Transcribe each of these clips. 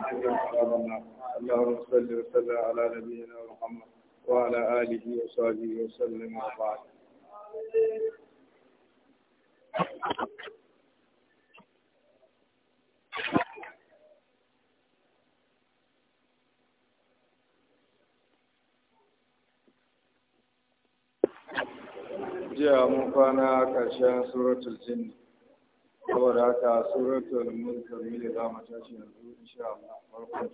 وقنا عذاب النار اللهم صل وسلم على نبينا محمد وعلى آله وصحبه وسلم وبعد jiya mun kwana ƙarshen suratul jinni saboda haka suratul mulkamil za mu tashi yanzu insha Allah farkon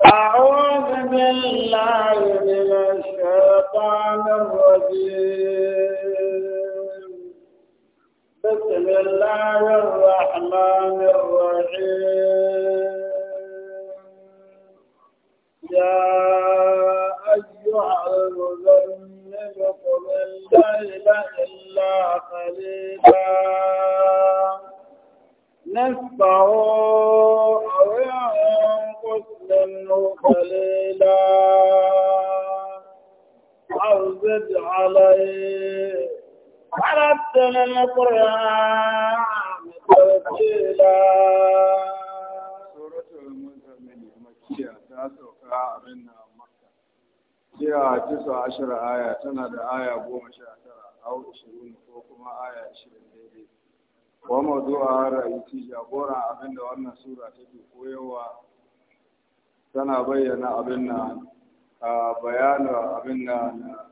أعوذ بالله من الشيطان الرجيم بسم الله الرحمن الرحيم يا أيها المزمل يقم الليل إلا قليلا نصفه أو ينقص منه قليلا أو زد عليه ورتل القرآن ترتيلا سورة المزمل مكية تاسع أبنها hiya tisa ashirin aya tana da aya goma sha tara au ishirin ko kuma aya ishirin daidai wa mawdu'a ra'ayi jagora da wannan sura take koyarwa tana bayyana abin na bayanin abin na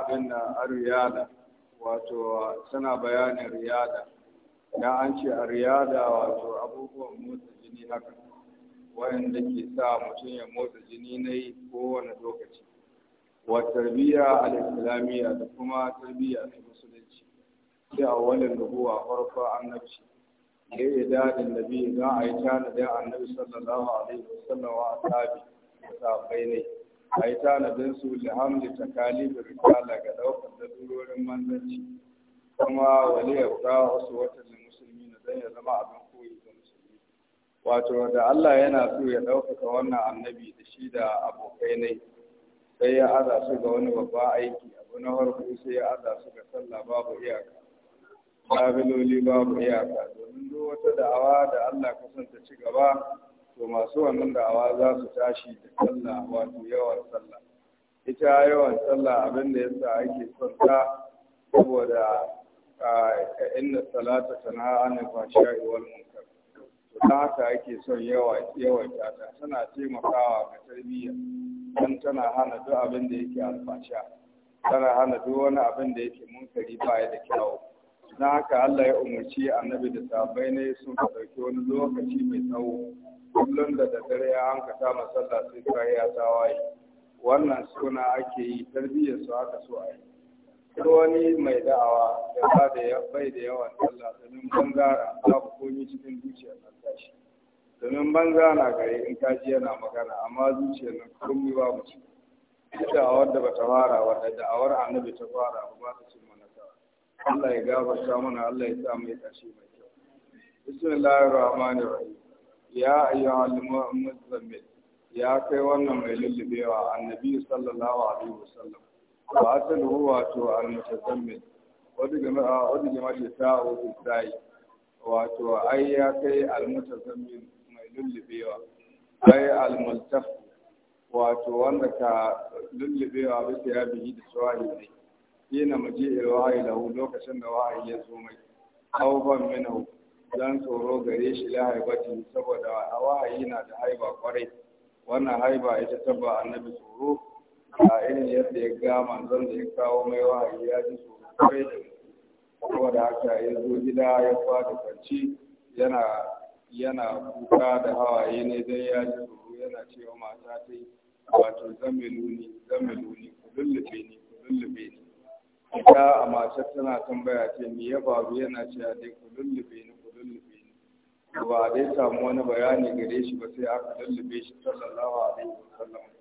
abin na riyada wato tana bayanin riyada ya an ce a riyada wato abubuwan motsa jini haka wanda ke sa mutum ya motsa jini na yi kowane lokaci wa tarbiyya al-islamiyya da kuma tarbiyya ta musulunci sai a walin rubuwa farko annabci da ya dadin da biyu za a yi tanadin annabi sallallahu alaihi wasallam wa asabi da sahabbai ne a yi tanadin su lihamdi ta kalibin risala ga daukar lalurorin manzanci kuma waliyar ta wasu watan musulmi na zai zama abin wato da Allah yana so ya ɗaukaka wannan annabi da shi da abokai ne sai ya haɗa su ga wani babba aiki abu na farko sai ya haɗa su ga sallah babu iyaka kabiloli babu iyaka domin duk wata da'awa da Allah ka ta ci gaba to masu wannan da'awa za su tashi da sallah wato yawan sallah ita yawan sallah abin da yasa ake son ta saboda inna salata tanha anil fahsha'i wal munkar don haka ake son yawan ta tana taimakawa ga tarbiyya don tana hana duk abin da yake alfasha tana hana duk wani abin da yake munkari baya da kyau. don haka Allah ya umarci annabi da sabai na sun ka ɗauki wani lokaci mai tsawo kullum da daddare ya hanka ta masallah sai kariya waye wannan suna ake yi tarbiyyar su haka so a yi duk wani mai da'awa da ba da bai da yawan Allah domin bangara babu komi cikin zuciyar nan tashi domin banza na gare in kaji yana magana amma zuciyar nan komi babu ci da'awar da bata fara wadda da'awar annabi ta fara ba ba ta cin manasa Allah ya gafarta mana Allah ya sa mai tashi mai kyau bismillahir rahmanir rahim ya ayyuhal mu'min ya kai wannan mai lullubewa annabi sallallahu alaihi wasallam Ba wa asaluhu wato al-mutazammil wadda jama'a wadda jama'a ya sa'o fi sai wato ai ya kai al-mutazammil mai lullubewa ai al-multaf wato wanda ka lullubewa bisa ya bihi da sawahi ne yana maje ilwahi lahu lokacin da wahayi ya zo mai auban minahu dan tsoro gare shi la haibati saboda wahayi na da haiba kwarai wannan haiba ita tabba annabi tsoro a irin yadda ya ga manzon da ya kawo mai wahayi ya ji tsoro kwarai da saboda haka ya zo gida ya kwada kwanci yana yana kuka da hawaye ne dai ya ji tsoro yana cewa mata ta yi wato zamiluni zamiluni ku lullube ni ku lullube ni ita a mace tana tambaya ce me ya faru yana cewa dai ku lullube ni ku lullube ni ba dai samu wani bayani gare shi ba sai aka lullube shi sallallahu alaihi wasallam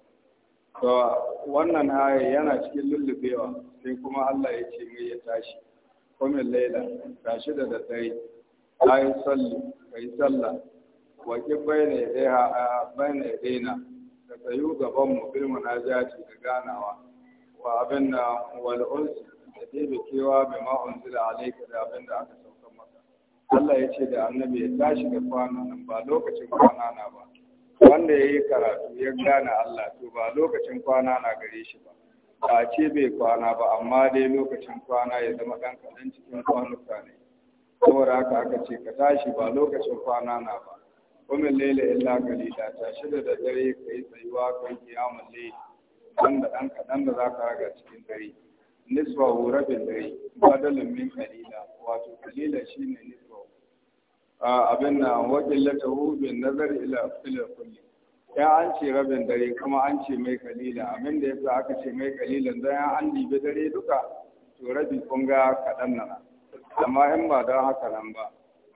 to wannan haya yana cikin lullubewa sai kuma Allah ya ce mai ya tashi kuma laila tashi da daddare ayi salli kai sallah wa ki bayna yadaiha bayna yadaina da tsayu gaban mu bil munajati da ganawa wa abinda wal uns da dai kewa bai ma unzila alayka da abinda aka sauka maka Allah ya ce da annabi ya tashi da kwana nan ba lokacin kwana na ba wanda ya yi karatu ya gane Allah to ba lokacin kwana na gare shi ba ba ce bai kwana ba amma dai lokacin kwana ya zama dan kaɗan cikin kwanuka ne saboda haka aka ce ka tashi ba lokacin kwana na ba kuma laila illa kalila shida da dare ka yi tsayuwa ka yi kiyamun laila wanda ɗan kaɗan da za ka raga cikin dare nisba wurabin dare kalila wato kalila shine abin na lata hubin nazar ila kulli ya an ce rabin dare kuma an ce mai kalila abin da yasa aka ce mai kalilan zai an dibe dare duka to rabi kun ga kaɗan nan amma in ba don haka nan ba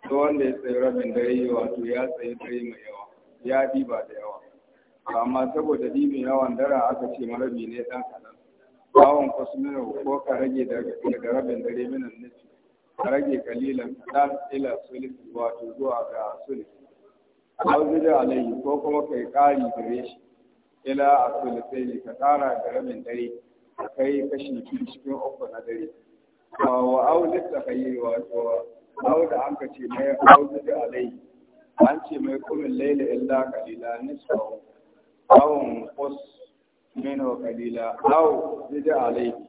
to wanda ya tsaye rabin dare wato ya tsaye dare mai yawa ya diba da yawa amma saboda dibin yawan dara aka ce marabi ne dan kaɗan bawon kusurwa ko ka rage daga rabin dare minan nufi ka rage kalilan kadan ila sulisi wato zuwa ga sulisi auzi da alayhi ko kuma kai kari gare shi ila a ka tsara da rabin dare kai kashi biyu cikin uku na dare wa auzi da kayi wato au da an kace mai auzi da alayhi an ce mai kullun laila illa kalila nisfa aw qus min kalila aw zida alayhi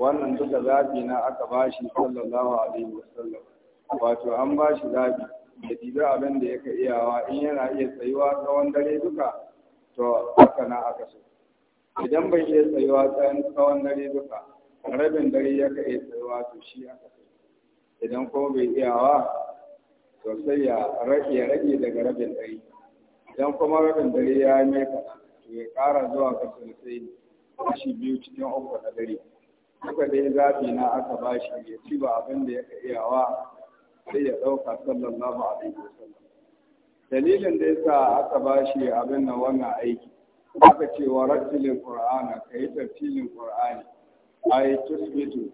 wannan duka zaɓi na aka ba shi, sallallahu alaihi wasallam wato an ba shi zaɓi da dibi abin da yake iyawa in yana iya tsayuwa tsawon dare duka to haka na aka so idan bai iya tsayuwa tsawon dare duka rabin dare ya ka iya tsayuwa to shi aka so idan kuma bai iyawa to sai ya rage daga rabin dare idan kuma rabin dare ya yi mai to ya ƙara zuwa ga sulusai kashi biyu cikin uku na dare suka dai zafi na aka ba shi ya ci ba abin da ya ka wa sai ya ɗauka sallallahu alaihi wasallam dalilin da yasa aka ba shi abin nan wannan aiki aka ce wa rattilin qur'ana ka yi tartilin qur'ani ay tusbitu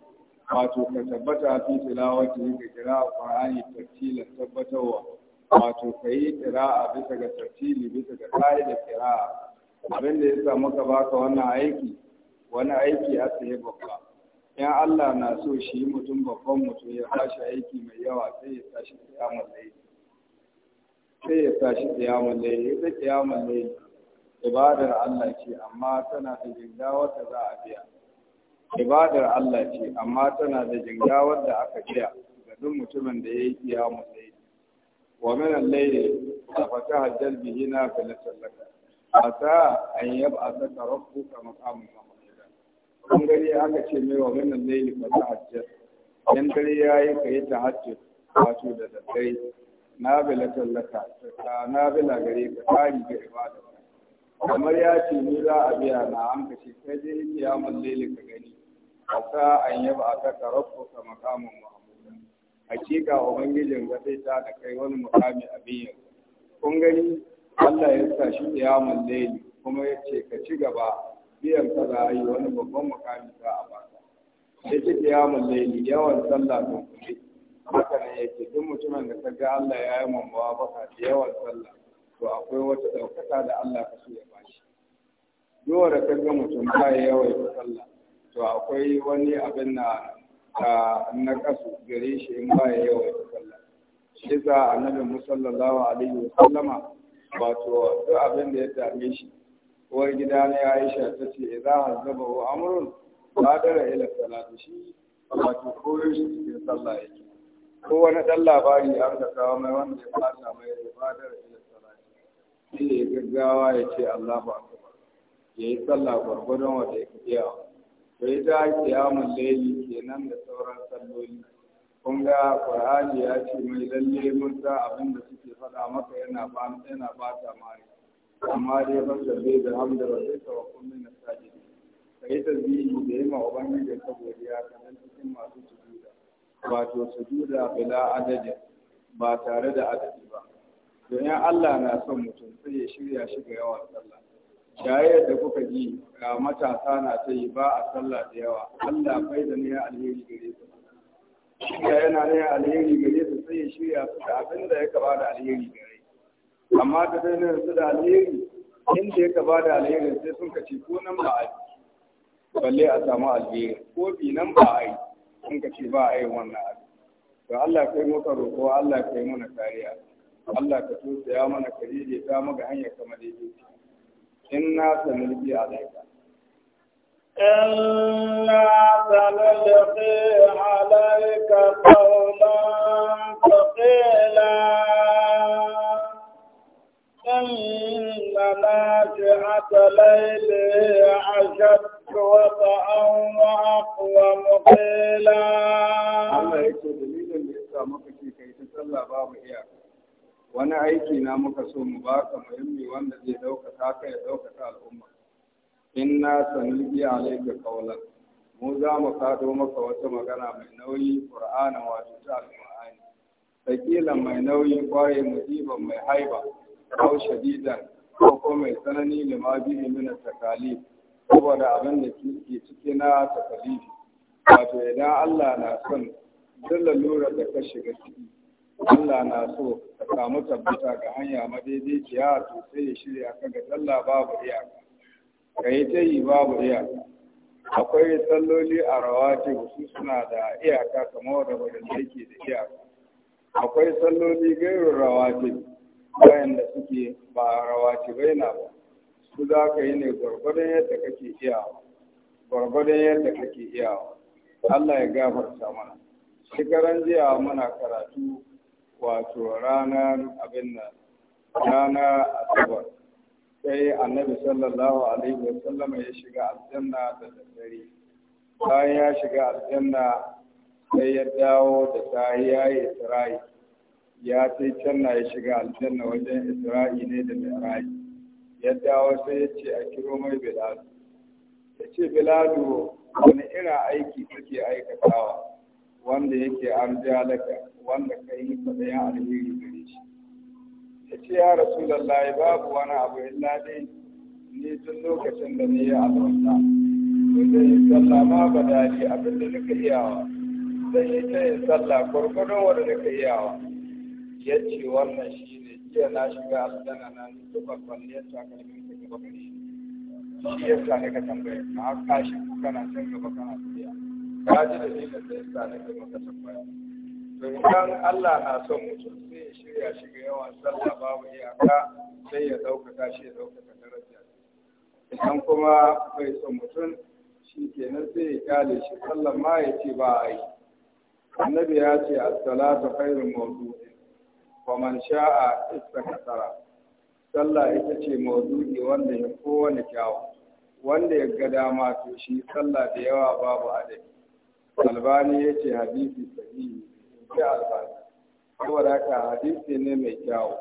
wato ka tabbata fi tilawati ka kira qur'ani tartilan tabbatawa wato ka yi kira'a bisa ga tartili bisa ga da kira'a abin da yasa muka baka wannan aiki wani aiki a tsaye babba in Allah na so shi mutum babban mutum ya tashi aiki mai yawa sai ya tashi tsayamun laili sai ya tashi kiyamun ya tsaye tsayamun laili ibadar Allah ce amma tana da jinga wata za a biya ibadar Allah ce amma tana da jinga wadda aka biya ga duk mutumin da ya yi tsayamun laili wa min al-layli fa tahajjal bihi nafilatan lak asa an yab'athaka rabbuka maqaman mahmud in gari aka ce mai wa ganin laili ba ta hajjar in gari ya yi ka yi ta hajji. wato da daddare na bila tallaka ta na bila gare ka tari ga ibada kamar ya ce ni za a biya na an ka ce kai dai ya mun laili ka gani a sa an yaba a ka rabu ka makamun mahamuda hakika ubangijin ga sai ta da kai wani mukami a biyan kun gani Allah ya sa shi ya mun laili kuma ya ce ka ci gaba biyan ka za a yi wani babban makami za a baka ya ce yawon laili yawan sallah don kuɗi haka ne yake duk mutumin da ta ga Allah ya yi mamawa ka da yawan sallah to akwai wata ɗaukaka da Allah ka so ya shi yawa da ka ga mutum ba ya yawan sallah to akwai wani abin na na kasu gare shi in ba ya yawan sallah shi za a nabi musallallahu alaihi wa sallama wato duk abin da ya dame shi uwar gida ne aisha ta ce za a zaba wa Amurin ba. da rai da salatu shi wato koyo shi cikin sallah yake ko wani dan labari an ka kawo mai wanda ya fata mai rai da salatu shi ya gaggawa ya ce Allahu akbar yi sallah gwargwadon wanda yake iyawa to ita kiyamun laili kenan da sauran salloli kun ga qur'ani ya ce mai lalle mun sa abin da suke faɗa maka yana yana ba ta mari amma dai ban da bai da hamda ba sai tawa kullun na saji ka yi tasbihi da yima ubangiji ka godiya ka nan cikin masu sujuda wato sujuda bila adadin ba tare da adadi ba domin Allah na son mutum sai ya shirya shi ga yawan sallah shayar da kuka ji ga matasa na ta yi ba a sallah da yawa Allah bai da niyyar alheri gare su shirya yana niyyar alheri gare su sai ya shirya su da abin da ya kaba da alheri gare amma ta dai na yanzu da alheri inda ya ba da alheri, sai sun kace ko nan ba a yi balle a samu alheri ko bi nan ba a yi sun kace ba a yi wannan abu to Allah kai muka roƙo Allah kai mana kariya Allah ka so ya mana ya ta maka hanyar kama ce. in na sanulki alaika إنا سنلقي عليك قولا ثقيلا ساعة ليله أشد dalilin da قيلا الله يكتب دليلا لإسا مكشي كي تسلى wani aiki na muka so mu baka muhimmi wanda zai ɗaukaka ka ya ɗaukata al'umma in na sanulki alaika kaulan mu za mu kado maka wata magana mai nauyi qur'ana wato ta alqur'ani sakilan mai nauyi kwaye musiban mai haiba ko shadidan ko ko mai tsanani da ma takali min takalif saboda abin da ke cike na takalifi wato idan Allah na son duk lura da ka shiga ciki Allah na so ka samu tabbata ga hanya madaidaiciya to sai ya shirya ka ga sallah babu iyaka ka yi ta yi babu iyaka akwai salloli a rawati su suna da iyaka kamar da yake da iyaka akwai salloli gairin rawati bayan da suke ba rawaci bai na ba su za ka yi ne gwargwadon yadda kake iyawa gwargwadon yadda kake iyawa Allah ya gafarta mana shekaran jiya muna karatu wato ranar abin nan ranar asabar sai annabi sallallahu alaihi wa sallama ya shiga aljanna da daddare bayan ya shiga aljanna sai ya dawo da sahiya ya ya sai can na ya shiga aljanna wajen isra'i ne da mai ya dawo sai ya ce a kiro mai Biladu. ya ce biladu wani ira aiki kake aikatawa wanda yake jalaka wanda ka yi ya alheri gare shi ya ce ya rasu lallai babu wani abu illa dai ni tun lokacin da ne ya alwasa wanda zai yi sallah ma ba abin abinda nika iyawa zai yi ta yin sallah gwargwadon wanda nika iyawa ya ce wannan shi ne jiya na shiga aljanna na ni duka kwalle ta kalmin ta gaba gare shi shi yasa ne ka tambaya Ka ka shi kana can gaba kana tafiya ka ji da dalilin da yasa ne ka maka tambaya to idan Allah na son mutum sai ya shirya shi ga yawan sallah babu iyaka sai ya ɗaukaka shi ya ɗaukaka daraja idan kuma bai son mutum shi kenan sai ya kyale shi sallah ma ya ce ba a yi annabi ya ce as-salatu khairul mawdu'i wa sha'a sha'a kasara, sallah ita ce mawdu'i wanda ya kowane kyawu wanda ya ga dama to shi sallah da yawa babu adai. albani ya ce hadisi sahihi ce albani saboda haka hadisi ne mai kyawu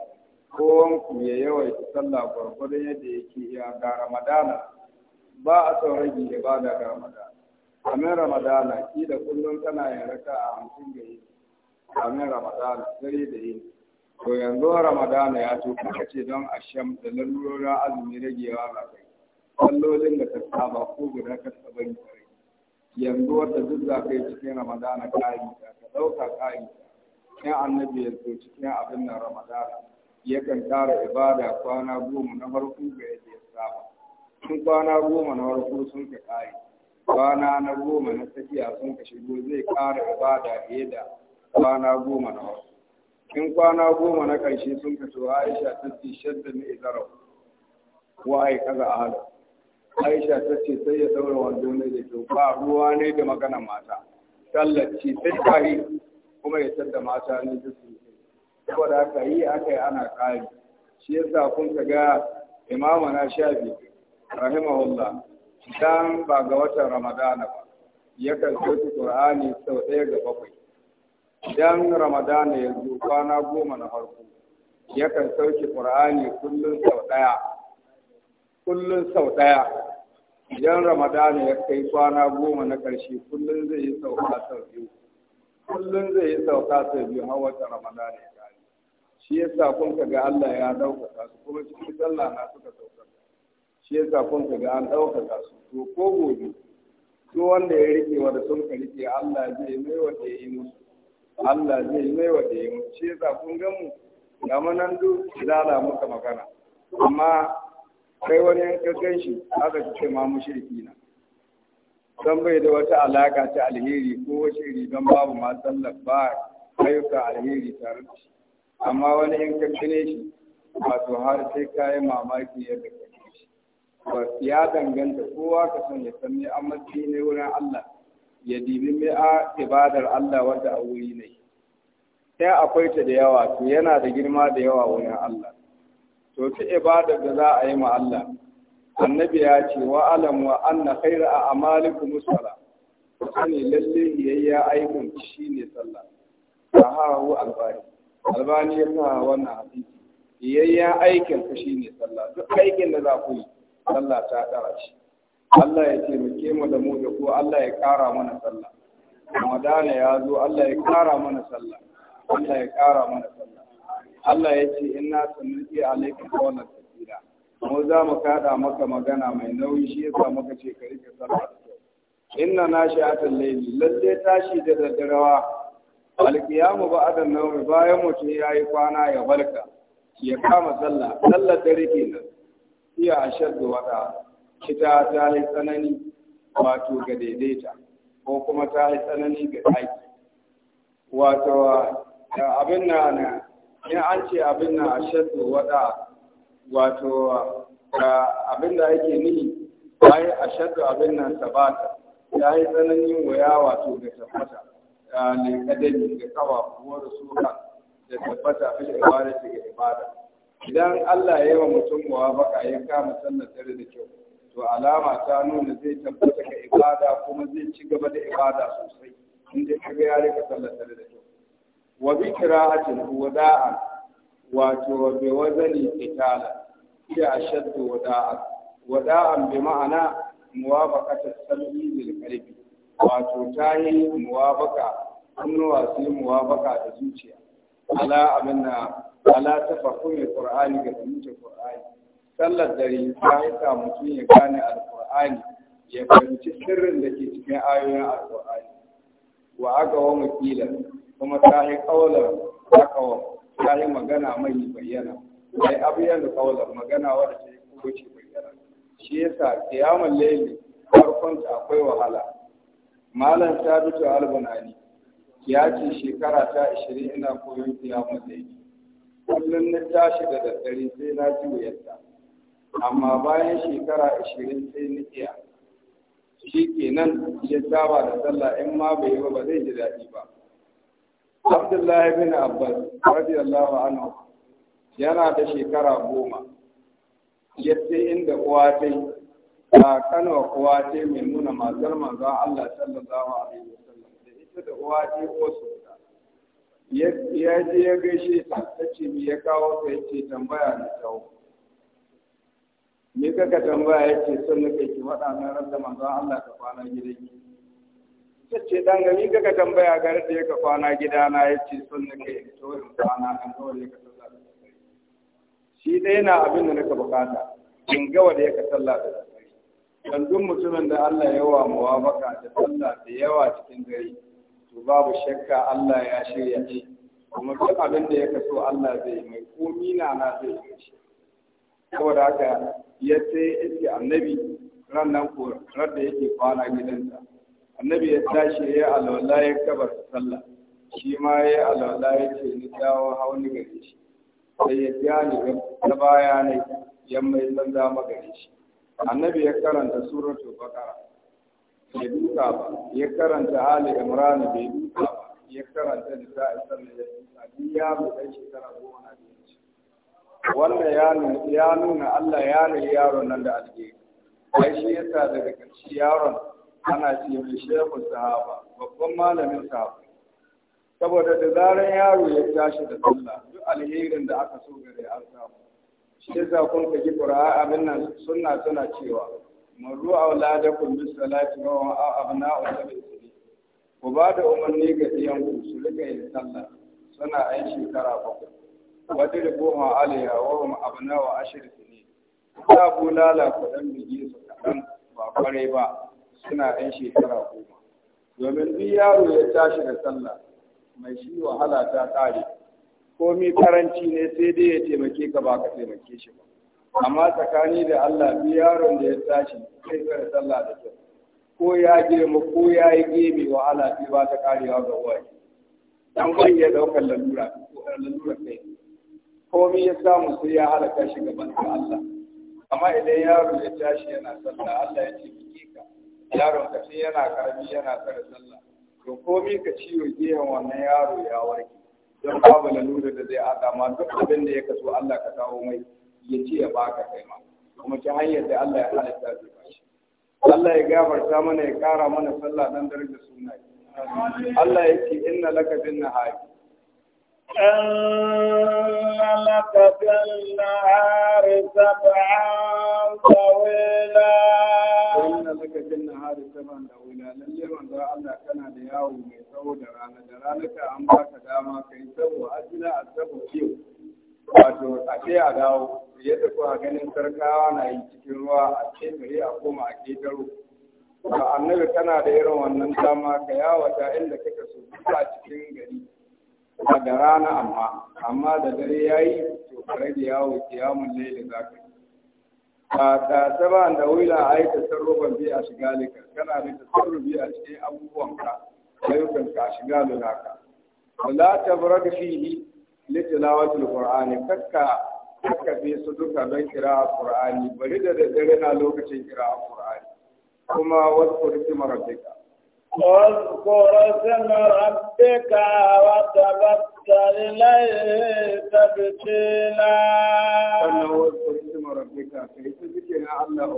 kowan ku ya yawaita sallah gwargwadon yadda yake iya ga ramadana ba a son rage ibada ga ramadana amin ramadana da kullum tana yin raka a hamsin da yin, amin ramadana dare da yin. to yanzu ramadana ya so kuma ce don a sham da lalurorin azumi ragewa ba kai sallolin da ta saba ko guda ta saba yi yanzu wata duk za ka yi cikin ramadana kayi ta ka ɗauka kayi ta annabi ya so cikin abin nan ramadana yakan tara ibada kwana goma na farko ga yadda ya saba sun kwana goma na farko sun ka kayi kwana na goma na tsakiya sun ka shigo zai kara ibada fiye da kwana goma na farko in kwana goma na ƙarshe sun fito aisha ta ce shadda mai izarau wa ai kaza a halar aisha ta ce sai ya daura wando ne da kyau ba ruwa ne da magana mata tallace sai kari kuma ya tadda mata ne da su saboda haka yi aka yi ana kari shi yasa kun ka ga imama na shafi rahimahullah dan ba ga watan ramadana ba yakan sauki qur'ani sau ɗaya ga bakwai dan Ramadan ya zo kwana goma na farko yakan sauke qur'ani kullum sau ɗaya kullum sau ɗaya idan Ramadan ya kai kwana goma na ƙarshe kullum zai yi sauka sau biyu kullum zai yi sauka sau biyu har wata Ramadan ya kare shi yasa kun ga Allah ya ɗaukaka su kuma cikin sallah na suka sauka shi yasa kun ga an ɗaukaka su to ko gobe duk wanda ya rike wanda sun ka rike Allah zai mai wanda ya yi musu Allah zai mai wa da mu shi yasa kun ga mu ga manan du muka magana amma kai wani yan kakkan shi aka ce ma shirki na dan bai da wata alaka ta alheri ko washiri don babu ma sallar ba ayyuka alheri tare da shi amma wani yan kakkan shi wato har sai kayan mamaki yadda kakkan shi ya danganta kowa ka san ya san ne matsi ne wurin Allah ya dibi mai a ibadar Allah wanda a wuri ne sai akwai ta da yawa to yana da girma da yawa wurin Allah to ta ibadar da za a yi ma Allah annabi ya ce wa alam wa anna khayra a amalikum musalla sani lalle yayya shi ne sallah sahahu albani albani ya sa wannan hadisi yayya aikin shi ne sallah duk aikin da za ku yi sallah ta dara shi Allah ya taimake mu da mu da ko Allah ya ƙara mana sallah Ramadana ya zo Allah ya ƙara mana sallah Allah ya ƙara mana sallah Allah ya ce inna sannuki alaikum qawlan sadida mu za mu kada maka magana mai nauyi shi yasa muka ce ka rike sallah inna nashi'atul layli lalle tashi da daddarawa alqiyamu ba'da nawmi bayan mutum yayi kwana ya barka ya kama sallah sallar dare kenan iya ashaddu wada ita ta yi tsanani wato ga daidaita ko kuma ta yi tsanani ga ɗaki wato abin na na in an ce abin na a shaddu wada wato abin da yake nihi ta yi a shaddu abin na sabata ta yi tsananin waya wato ga tabbata ne kadami ga kawa kuma da suka da tabbata fi ibada ga ibada idan Allah ya yi wa mutum wa baka ya kama sannan tare da kyau to alama ta nuna zai tabbata ga ibada kuma zai ci gaba da ibada sosai inda ka ga ya rika sallata da kyau wa bi qira'atin wada'a wato bi wazani itala ya ashaddu wada'a wada'an bi ma'ana muwafaqata sami bil qalbi wato ta yi muwafaqa hannuwa su yi muwafaqa da zuciya ala abinna ala tafakkumin qur'ani ga zuciya qur'ani sallar dare ta haika mutum ya gane alkur'ani ya fahimci sirrin da ke cikin ayoyin alkur'ani wa aka wa makilan kuma ta yi kaular aka wa ta yi magana mai bayyana yi abiyar da kaular magana wadda ta yi ce bayyana shi yasa kiyamun laili farkon ta akwai wahala malam sabitu albunani ya ce shekara ta ashirin ina koyon kiyamun laili kullum na tashi da daddare sai na ji wuyarta amma bayan shekara ashirin sai na iya shi kenan ya saba da sallah in ma bai yi ba ba zai ji daɗi ba abdullahi bin abbas radiyallahu anhu yana da shekara goma ya ce inda uwa ta yi a kanwa uwa ta mai nuna matar manzo allah sallallahu alaihi wasallam da ita da uwa ta yi wasu ya je ya gaishe ta ta ce ya kawo ta ya ce tambaya da tsawo ni kaka tambaya yace son nake ki faɗa na rasa manzon Allah ka kwana gida gidanki ce dan ga ni kaka tambaya gar da ka kwana gida gidana yace son nake in to in kwana nan dole ka sallah shi dai na abin da nake bukata in ga wanda yake sallah da dan duk mutumin da Allah ya wa muwafaka da sallah da yawa cikin gari to babu shakka Allah ya shirya shi kuma duk abin da ya kaso Allah zai mai komi na na zai yi shi saboda haka ya ce yake annabi ran nan ko ran da yake kwana gidansa annabi ya tashi ya alwala ya kabar sallah shi ma ya alwala ya ce ni dawo hauni ga shi sai ya ji ni ta baya ne ya mai zan dama shi annabi ya karanta suratul baqara bai duka ba ya karanta ali imran bai duka ba ya karanta nisa sallallahu alaihi wasallam ya ya mu shi shekara goma na biyu Wannan ya nuna Allah ya rayu yaron nan da alheri ai shi yasa daga ƙarshe yaron ana ce mai shehu sahaba babban malamin sahaba saboda da zaran yaro ya tashi da sallah duk alherin da aka so gare an samu shi yasa kun ji qur'a abin nan sunna tana cewa marru auladakum bis salati wa abna'u sabili ku ba da umarni ga iyanku su rika yin sallah suna ai shekara bakwai wadribuha alaiha wa hum abna'u ashr sinin ta bulala ku dan bige su kadan ba kware ba suna ɗan shekara goma domin duk yaro ya tashi da sallah mai shi wahala ta ƙare komi karanci ne sai dai ya taimake ka ba ka taimake shi ba amma tsakani da Allah bi yaron da ya tashi sai ka sallah da kyau ko ya girma ko ya yi gebe wahala ce ba ta karewa ga uwaye dan wani ya daukar lalura ko lalura kai Komai ya samu sai ya halaka shi gaban da Allah amma idan yaro ya tashi yana sallah Allah ya ce biki ka yaron ka sai yana karami yana tsara sallah to komi ka ciwo gehen wannan yaro ya warke don babu lalura da zai haɗa ma duk abin da ya kaso Allah ka kawo mai ya ce ya baka kai ma kuma ta hanyar da Allah ya halitta zai bashi Allah ya gafarta mana ya kara mana sallah dan darajar sunaye Allah ya ce inna laka bin nahari أن لك كالنهار سبعا طويلا أن لك سبعا طويلا ذا كان دياو ميسو درانا درانك أمباك داما كيسو أجلا أسبو كيو wato a ce a dawo yadda kuwa ganin sarkawa na yi cikin ruwa a ce gari a koma a annabi tana da irin wannan dama ka yawata inda kake so a cikin gari ba da rana amma amma da dare ya yi to kare da yawo kiyamun laili za ka yi ba ta saba da wila a yi tasarrufan bi a shiga lika kana da tasarrufi a cikin abubuwanka ka a shiga lunaka wala ta baraka fihi litilawatul qur'ani kakka kakka bi su duka don kira qur'ani bari da dare na lokacin kira qur'ani kuma wasu rikimar rabbika واذكر اسم ربك وتبتل إليه تبتيلا الله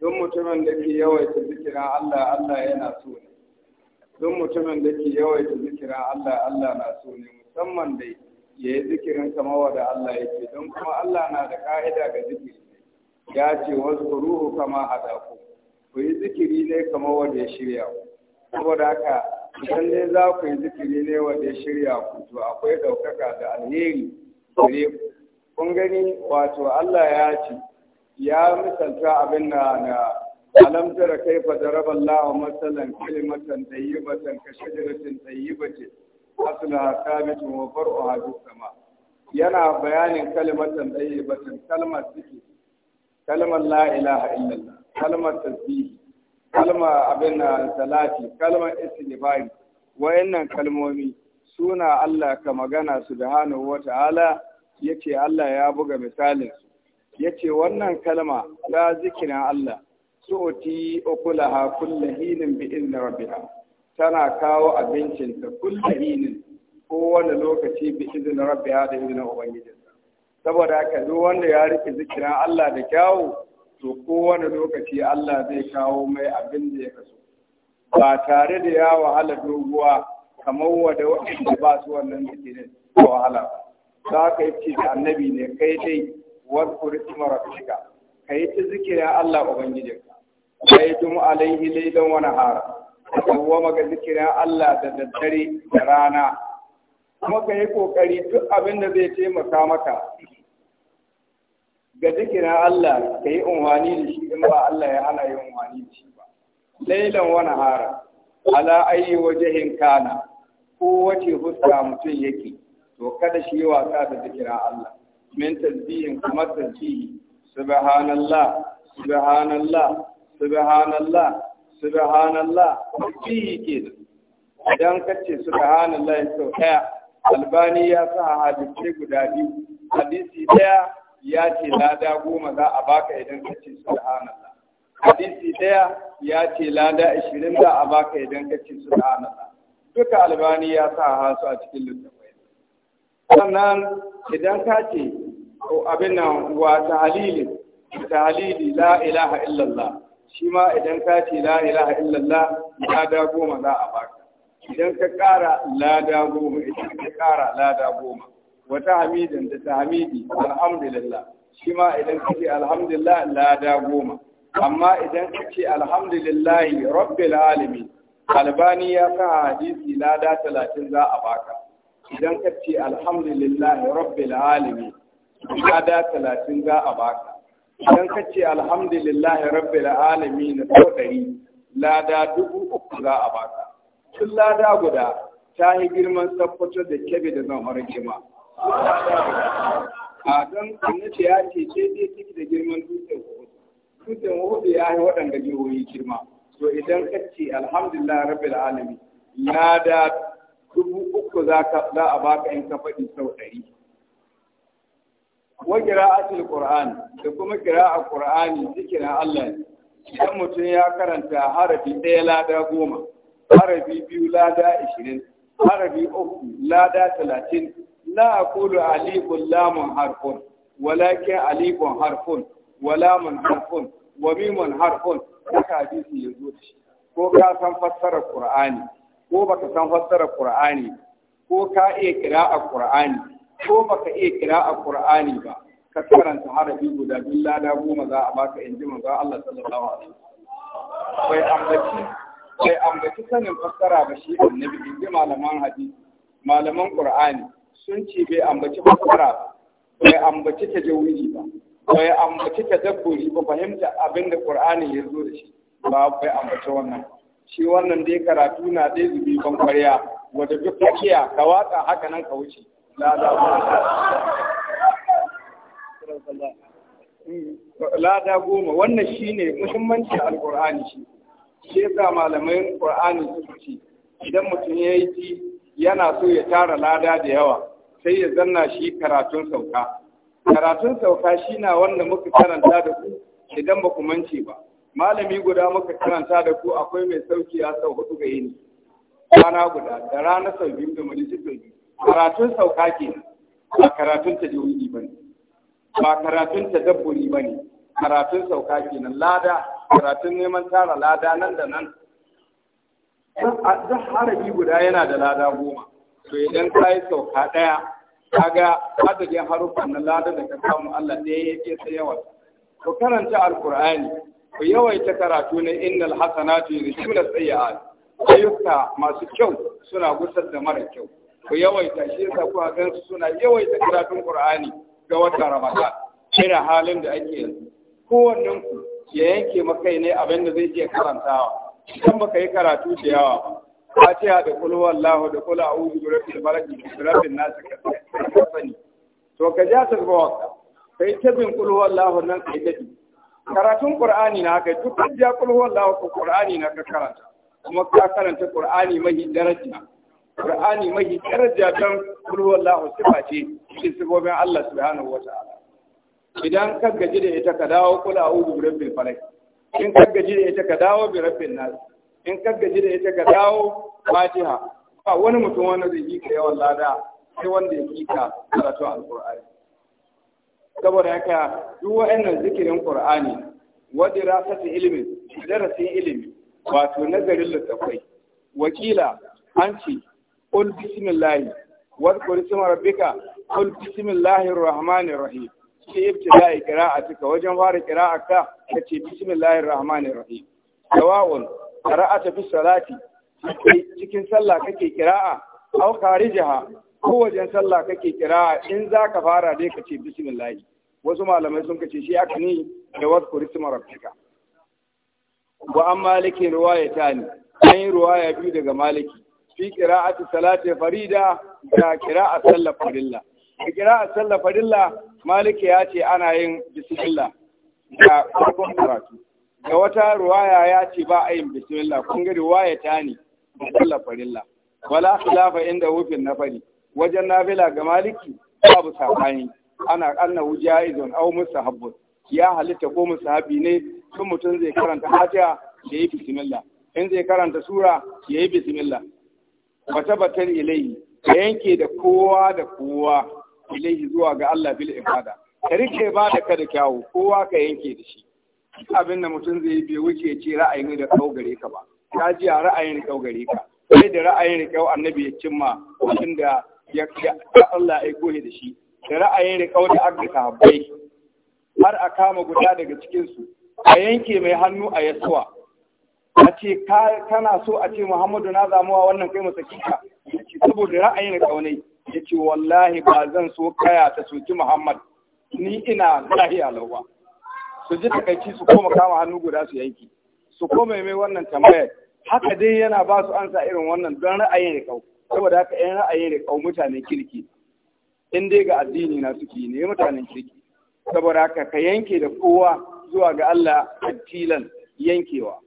don mutumin da ke yawaita zikirin Allah Allah yana so ne don mutumin da ke Allah Allah so musamman dai ya yi zikirin kama da Allah yake don kuma Allah na da ka'ida ga zikiri ya ce wasu ruhu kama hadaku ku yi zikiri ne kamar wanda ya shirya ku saboda haka idan ne za ku yi zikiri ne wanda ya shirya ku to akwai ɗaukaka da alheri gare ku kun gani wato Allah ya ce ya misalta abin na na alamtar kai kaifa daraba Allah masalan kalimatan tayyibatan ka shajaratin tayyibatin asla sabitun wa far'uha bis sama yana bayanin kalimatan tayyibatan kalmar zikiri kalmar la ilaha illallah kalmar tasbihi kalmar abin salati kalmar istighfar wayannan kalmomi suna Allah ka magana subhanahu wata'ala yace Allah ya buga misalin yace wannan kalma ta zikirin Allah su'ti ukulaha kullu hinin bi izni rabbiha tana kawo abincin ta kullu hinin kowane lokaci bi izni rabbiha da izinin ubangiji saboda haka duk wanda ya rike zikirin Allah da kyawu to kowane lokaci Allah zai kawo mai abin da ya kaso ba tare da ya wahala doguwa kamar wada wanda ba su wannan zikirin ko wahala za ka yi ce da annabi ne kai dai wadkur isma rabbika kai ta zikirin Allah ka kai dum alaihi laylan wa nahara dawwama ga zikirin Allah da daddare da rana kuma ka yi ƙoƙari duk abin da zai taimaka maka ga zikirin Allah ka yi unwani da shi in ba Allah ya hana yi unwani da shi ba. Lailan wani hara, ala ayi wajehin kana, ko wace fuska mutum yake, to kada shi yi wasa da zikirin Allah. Min tasbihin kamar tasbihi, subhanallah, subhanallah, subhanallah, subhanallah, tasbihi yake da. Idan ka ce subhanallah sau ɗaya, albani ya sa hadisai guda biyu hadisi daya ya ce lada goma za a baka idan ka ce subhanallah hadisi daya ya ce lada ashirin za a baka idan ka ce subhanallah duka albani ya sa hasu a cikin littafai sannan idan ka ce ko abin nan wa ta ta halili la ilaha illallah shi ma idan ka ce la ilaha illallah da goma za a baka idan ka ƙara lada goma idan ka ƙara lada goma wata hamidin da ta hamidi alhamdulillah shi ma idan ka ce alhamdulillah lada goma amma idan ka ce alhamdulillahi rabbil alamin albani ya sa hadisi lada talatin za a baka idan ka ce alhamdulillahi rabbil alamin lada talatin za a baka idan ka ce alhamdulillahi rabbil alamin sau ɗari lada dubu uku za a baka tun lada guda ta yi girman tabbatar da kebe da zan horar kima a don annace ya ce ce dai ciki da girman dutsen hudu dutsen hudu ya yi waɗanda jihohi girma to idan ka ce alhamdulillah rabbil alamin lada dubu uku za a baka in ka faɗi sau ɗari wa qira'atul qur'an da kuma a qur'ani zikirin Allah idan mutum ya karanta harafi ɗaya lada goma harabi biyu lada ishirin, harabi uku lada talatin la aqulu alifun lamun harfun walakin alifun harfun wa lamun harfun wa mimun harfun haka hadisi ya zo shi ko ka san fassarar qur'ani ko baka san fassarar qur'ani ko ka iya kira'a qur'ani ko baka iya kira'a qur'ani ba ka karanta harabi guda biyu lada goma za a baka in ji manzo Allah sallallahu alaihi wasallam bai ambaci bai ambaci sanin fassara ba shi annabi in ji malaman hadisi malaman qur'ani sun ce bai ambaci fassara bai ambaci ta tajawidi ba bai ambaci ta dabbobi ba fahimta abin da qur'ani ya zo da shi ba bai ambaci wannan shi wannan dai karatu na dai zubi ban kwarya wanda duk kakiya ka watsa haka nan ka wuce la hmm. la da goma wannan shine muhimmancin alqur'ani shi shi yasa malamin Qur'ani su ce idan mutum ya yi ci yana so ya tara lada da yawa sai ya zanna shi karatun sauka karatun sauka shi na wanda muka karanta da ku idan ba ku mance ba malami guda muka karanta da ku akwai mai sauki ya sau hudu ga yini rana guda da rana sau biyu da mulki sau biyu karatun sauka ke ba karatun ta jawidi ba ne ba karatun ta dabburi ba ne karatun sauka ke lada karatun neman tara lada nan da nan duk harabi guda yana da lada goma to idan ka yi sauka ɗaya kaga adadin haruffan na lada da ka samu Allah ya ke sai yawa ku karanta alkur'ani ku yawaita karatu na innal hasanatu tsaye sayyi'at ayyuka masu kyau suna gusar da mara kyau ku yawaita shi yasa ku gan suna yawaita karatun qur'ani ga wata ramadan irin halin da ake yanzu kowannen ku ya yanke maka ne abin da zai iya karantawa idan baka yi karatu da yawa ba fatiha da kul wallahu da kul a'udhu bi rabbil falaq bi rabbin nas ka sani to ka ja ka kai tabin kul wallahu nan kai dadi karatun qur'ani na kai duk ja kul wallahu ko qur'ani na ka karanta kuma ka karanta qur'ani mai daraja qur'ani mai daraja dan kul wallahu sifa ce cikin sifofin Allah subhanahu wa ta'ala idan kan gaji da ita ka dawo kula a ugu rabbil falak in kan gaji da ita ka dawo bi rabbin nas in kan gaji da ita ka dawo fatiha ba wani mutum wanda zai yi ka yawan lada sai wanda ya yi ka karatu alqur'ani saboda haka duk wa'annan zikirin qur'ani wadi rasati ilmi darasi ilimi wato nazarin littafai wakila an ce qul bismillah wa qul bismillahir rahmanir rahim kira ibtida'i qira'atika wajen fara qira'aka kace bismillahir rahmanir rahim sawa'un qira'ata fi salati cikin sallah kake qira'a aw kharijaha ko wajen sallah kake qira'a in zaka fara dai kace bismillah wasu malamai sun kace shi aka ni da wasu isma rabbika wa an maliki riwayatani an yi riwaya biyu daga maliki fi qira'ati salati farida da qira'a sallah farilla da kira a sallar fadilla maliki ya ce ana yin bismillah da farkon karatu da wata ruwaya ya ce ba a yin bismillah kun ga ruwaya ta ne da sallar farilla wala khilafa inda wufin fari. wajen nafila ga maliki babu sabani ana anna jaizun aw mustahabbun ya halitta ko musahabi ne tun mutum zai karanta fatiha ya yi bismillah in zai karanta sura ya yi bismillah wa tabbatar ilayhi yanke da kowa da kowa ilaihi zuwa ga Allah bil ibada ka rike ibada ka da kyawu kowa ka yanke da shi abin da mutum zai bai wuce ya ce ra'ayin da kau gare ka ba ka ji a ra'ayin kau gare ka sai da ra'ayin kyau annabi ya cimma mutum da ya Allah ya kohe da shi da ra'ayin kau da aka sahabbai har a kama guda daga cikin su a yanke mai hannu a yasuwa a ce kana so a ce muhammadu na zamuwa wannan kai kika. saboda ra'ayin kaunai ya ce wallahi ba zan so kaya ta soki muhammad ni ina lahiya lauwa su ji takaici su koma kama hannu guda su yanki su koma mai wannan tambayar haka dai yana ba su ansa irin wannan don ra'ayin riƙau saboda haka yan ra'ayin riƙau mutanen kirki in ga addini na suke ne mutanen kirki saboda haka ka yanke da kowa zuwa ga Allah tabtilan yankewa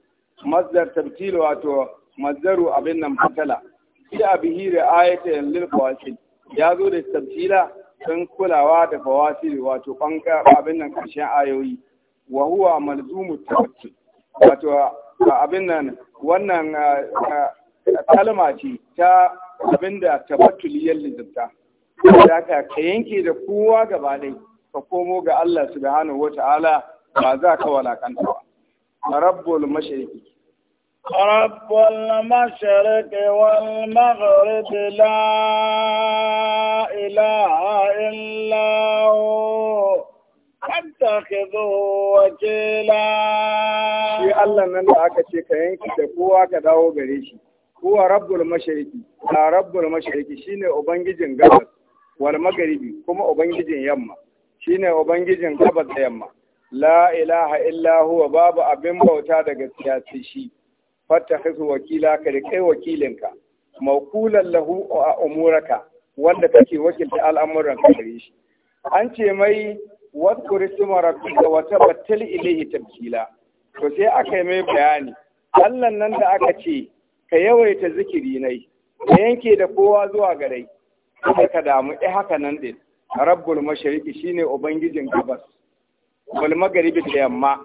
mazdar tabtil wato mazdaru abin nan fatala ila bihi ayatan lil qawasid ya zo da tamthila don kulawa da fawasiri wato banka abin nan karshen ayoyi wa huwa malzumu tawakkul wato abin nan wannan kalma ce ta abin da tawakkuli ya lizumta ka ka yanke da kowa gaba dai ka komo ga Allah subhanahu wata'ala ba za ka walakanta ba rabbul mashriqi رب المشرق والمغرب لا إله إلا هو فاتخذه وكيلا shi Allah nan da aka ce ka yanki da kowa ka dawo gare shi kowa rabbul mashariki na rabbul mashariki shine ubangijin gabas wal magharibi kuma ubangijin yamma shine ubangijin gabas da yamma La'ilaha ilaha babu abin bauta daga siyasi shi fattakhidhu wakila ka riƙe wakilinka mawkulan lahu a umuraka wanda kake wakilta al'amuran ka gare shi an ce mai wadkur isma rabbika wa tabattal ilayhi tabkila to sai aka yi mai bayani Allah nan da aka ce ka yawaita zikiri nai ka yanke da kowa zuwa gare kada ka damu eh haka nan din rabbul mashriqi shine ubangijin gabas wal magharibi da yamma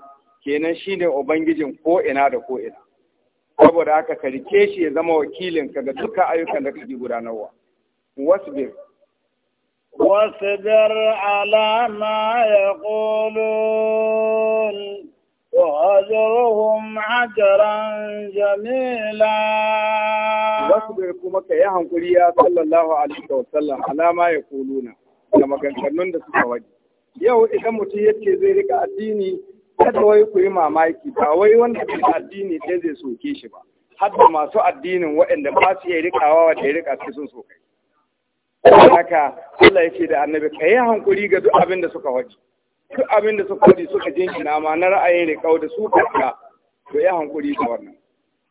kenan shine ubangijin ko ina da ko'ina. saboda haka ka rike shi ya zama wakilin ka ga dukkan ayyukan da kake gudanarwa wasbir wasbir ala ma yaqulun wahjurhum ajran jamila wasbir kuma ka yi hankuri ya sallallahu alaihi wa sallam ala ma yaquluna da maganganun da suka waje yau idan mutum yake zai rika addini kada wai ku yi mamaki ba wai wanda ke addini sai zai soke shi ba har da masu addinin waɗanda ba su iya rikawa wa da ya rika su sun soke haka Allah ya ce da annabi ka yi hankuri ga duk abin da suka waje duk abin da suka waje suka na ma na ra'ayin rikau da su kaka to yi hankuri da wannan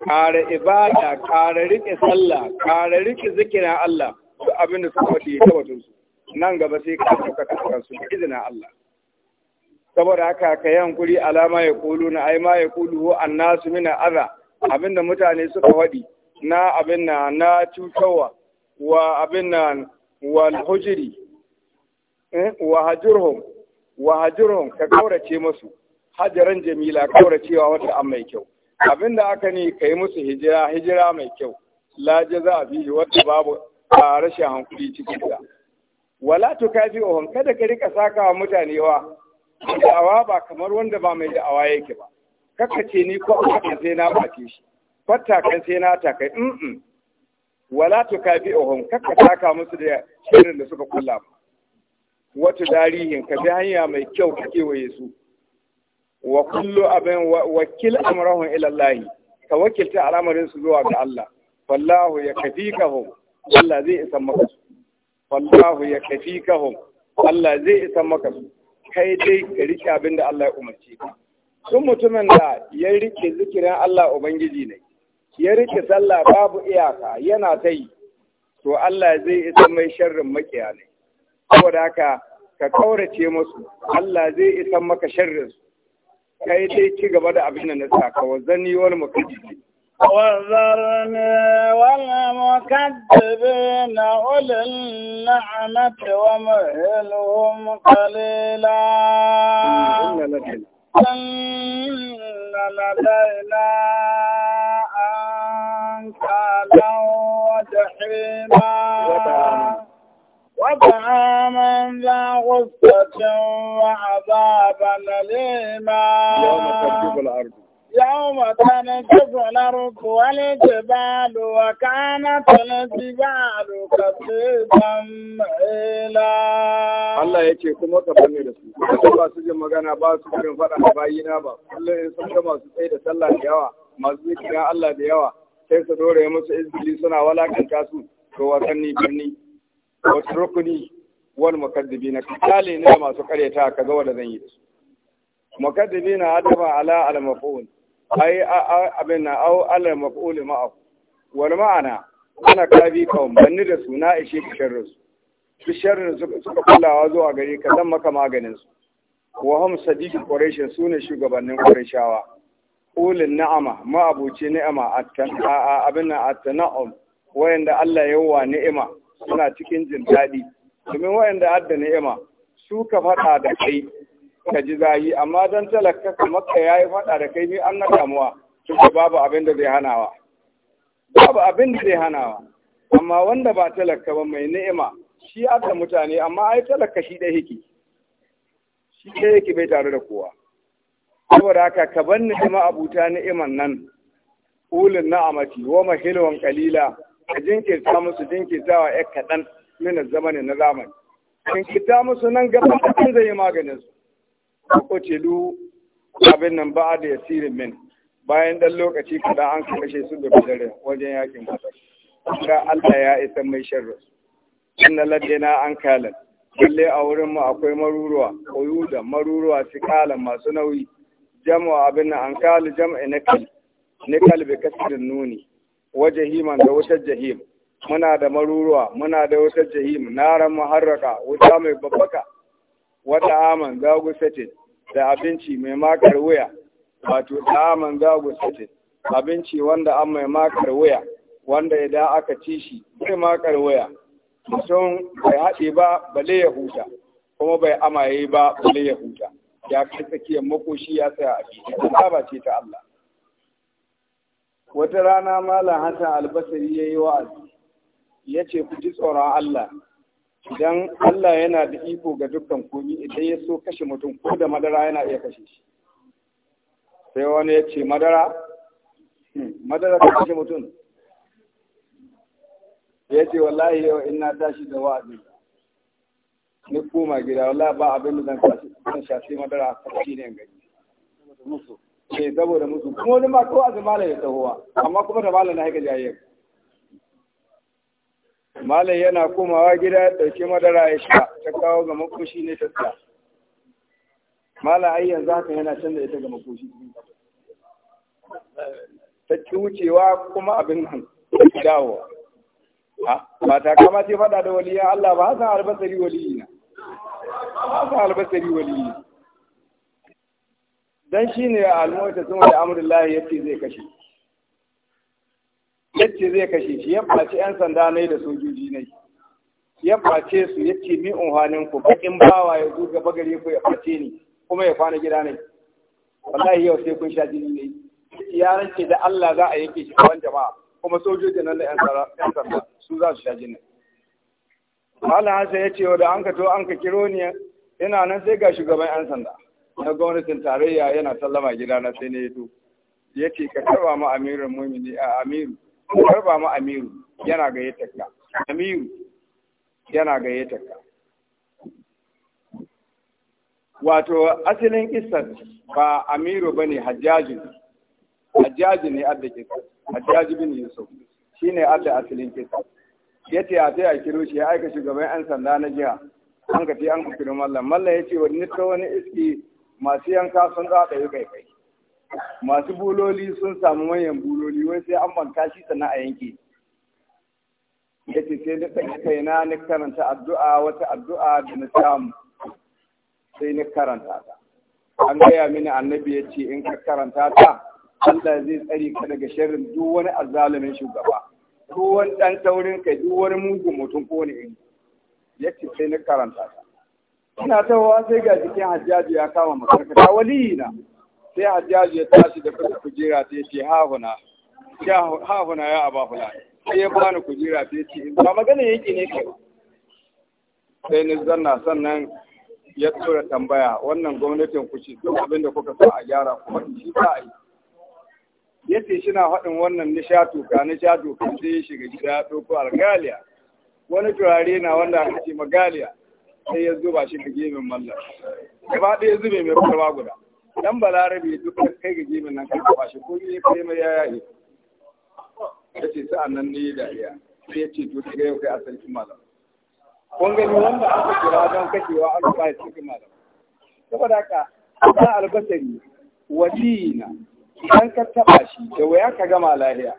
kare ibada kare rike sallah kare rike zikirin Allah duk abin da suka waje ya tabbatun su nan gaba sai ka suka kasance su da izinin Allah saboda haka ka yi hankuri alama ya kulu na ai ma ya kulu ho an nasu mina aza abinda mutane suka faɗi na abin na na cutarwa wa abin na wa hujiri eh, wa hajurhum wa hajurhum ka kaurace musu hajaran jamila kauracewa wata an mai kyau abinda aka ne ka yi musu hijira hijira mai kyau la jaza a yi wata babu a rashin hankuri cikin ta wala tukafi ohun kada ka rika saka wa mutane wa da'awa ba kamar wanda ba mai da'awa yake ba ce ni ko kan sai na bace shi fatta kan sai na ta kai mm -mm. wala tukabi'uhum kakka taka musu da shirin da suka kulla wata darihin ka bi hanya mai kyau ka kewaye su wa kullu abin wakil amrahum ila Allah ka wakilta al'amarin su zuwa ga Allah wallahu yakfikahum Allah zai isa maka su wallahu yakfikahum Allah zai isa maka su kai dai ka rike abin da Allah ya umarce ka Sun mutumin da ya rike zikirin Allah ubangiji ne ya rike sallah babu iyaka yana ta yi to Allah zai isa mai sharrin makiya ne saboda haka ka kaurace musu Allah zai isa maka sharrin su kai dai ci gaba da abin da na saka wa zanni wal mukaddisi وذرني والمكذبين أولي النعمة ومهلهم قليلا إن لدينا أنكالا وجحيما وطعاما ذا غصة وعذابا أليما يوم ترجف الأرض يوم ترجف الأرض والجبال وكانت الجبال كثيبا مهيلا Allah ya ce kuma ka fanni da su, kuma ba su jin magana ba su jin faɗa da bayina ba, kullum in sun ga masu tsaye da sallah da yawa, masu zikirin Allah da yawa, sai su dore musu izini suna walakanta su ga wasanni birni, wasu rukuni wani makaddabi na kakale ne masu karyata ka ga wanda zan yi da su. Makaddabi na adaba ala al-maf'ul ai abin na au alal maf'ul aku wal ma'ana ana kafi kawun banni da suna ishe ka su duk sharrin suka kullawa zuwa gari ka dan maka maganin su wa hum sadiq quraish sune shugabannin quraishawa ulin na'ama ma abuci ni'ama attan abin nan attana'um wayanda Allah ya wa ni'ima suna cikin jin dadi domin wayanda adda ni'ima su ka fada da kai ka ji zayi amma don talaka ka maka yayi faɗa da kai ne an damuwa to babu abin da zai hanawa babu abin da zai hanawa amma wanda ba talaka ba mai ni'ima shi aka mutane amma ai talaka shi dai yake shi dai yake bai tare da kowa saboda haka ka bar kuma abuta ni'iman nan ulin na'amati wa mahilwan kalila ka jinkirta musu jinkirtawa ya kaɗan min zamanin na zamani jinkirta musu nan gaba, da zai yi maganin su kutilu abin nan ba da yasirin min bayan dan lokaci kada an kashe su da bidare wajen yakin badar ga Allah ya isa mai sharri inna ladina an kalan kulle a wurin mu akwai maruruwa da maruruwa su kalan masu nauyi jama'a abin nan an kala jama'a ne kal bi kasirin nuni Waje himan da wutar jahim muna da maruruwa muna da wutar jahim naran muharraka wuta mai babbaka wata aman gagu satin da abinci mai makar wuya wato da aman gagu satin abinci wanda an mai makar wuya wanda idan aka ci shi bai makar wuya mutum bai haɗe ba bale ya huta kuma bai amaye ba bale ya huta ya kai tsakiyar makoshi ya tsaya a ciki ta ce ta Allah wata rana malam Hassan albasari ya yi wa'azi ya ce ku ji tsoron Allah idan Allah yana da iko ga dukkan komi idan ya so kashe mutum ko da madara yana iya kashe shi sai wani ya ce madara hmm, madara ta kashe mutum ya ce wallahi yau in na tashi da wa'azi ni koma gida wallahi ba abin da zan kashe zan shafi madara a kashe ne gani musu ce eh, saboda musu kuma wani ma ko azumala ya tahowa amma kuma ta bala na haika jayyar malai yana komawa gida ya ɗauke madara ya sha ta kawo ga makoshi ne ta tsaya malam ai yanzu haka yana canza ita ga makoshi ta ci wucewa kuma abin nan dawowa ba ta kama ce faɗa da waliya Allah ba hasan albasari waliyi na hasan albasari waliyi dan shine al-mu'tasim da amrullahi yace zai kashe ce zai kashe shi ya face 'yan sanda ne da sojoji ne ya face su ya ce mi unhanin ku ba bawa ya zo gaba gare ku ya face ni kuma ya kwana gida ne wallahi yau sai kun sha jini ne ya rance da Allah za a yake shi kawan jama'a kuma sojoji nan da 'yan sanda su za su sha jini Malam Hassan ya ce da an ka to an ka kiro ni ina nan sai ga shugaban 'yan sanda na gwamnatin tarayya yana sallama gida na sai ne ya to ya ce ka karba ma amirin mumini a amiru har ba mu amiru yana gayyatar ka amiru yana gayyatar ka wato asalin kisar ba amiru ba ne hajjaji hajjaji ne adda kisar hajjaji bin yusuf shi ne adda asalin kisar ya ce a a kiro shi ya aika shugaban yan sanda na jiha an ka ce an ka kiro mallam mallam ya ce wani ta wani iski masu yanka sun zaɗa yi kai kai masu buloli sun samu manyan buloli wai sai an banka shi sannan a yanke ya ce sai na tsaye kaina na karanta addu'a wata addu'a da na samu sai na karanta ta an gaya mini annabi ya ce in ka karanta ta Allah zai tsare ka daga sharrin duk wani azzalumin shugaba duk wani ɗan taurin ka duk wani mugun mutum ko ne iri ya ce sai na karanta ta ina tawowa sai ga jikin hajjaji ya kama makarkata waliyi na sai hajjaji ya tashi da kuka kujera ta ce hahuna hahuna ya aba fula sai ya bani kujera ta ce ba magana yake ne ke sai ni zanna sannan ya tura tambaya wannan gwamnatin ku ce duk abin da kuka sa a gyara kuma shi ba a yi ya ce shi na haɗin wannan nishatu ka nishatu kan sai ya shiga gida ya ɗauko algaliya wani turare na wanda aka ce magaliya sai ya zuba shi da gemin mallar gaba ɗaya zube mai ba guda dan balarabe duk kai ga gemin nan kan kafa shi ko ne kai mai yaya ne yace ce sa'an nan ne da iya sai ya ce to ta yau kai a sarki malam kun gani wanda aka kira don kashewa an ba shi cikin malam saboda ka dan albasari wadina idan ka taba shi da waya ka gama lahiya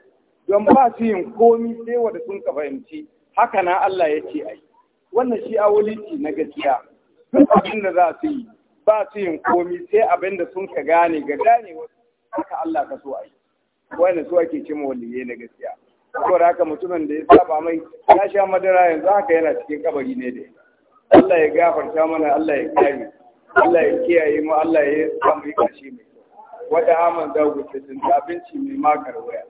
don ba su yin komi sai wanda sun ka fahimci haka na Allah ya ce ai wannan shi awalici na gaskiya duk abin da za su yi ba su yin komi sai abin da sun ka gane ga gane wasu haka Allah ka so a yi wanda su ake cimma waliyai na gaskiya saboda haka mutumin da ya saba mai ya sha madara yanzu haka yana cikin kabari ne da Allah ya gafarta mana Allah ya kare Allah ya kiyaye mu Allah ya samu yi kashi mai wata aman da wuce sun abinci mai makar waya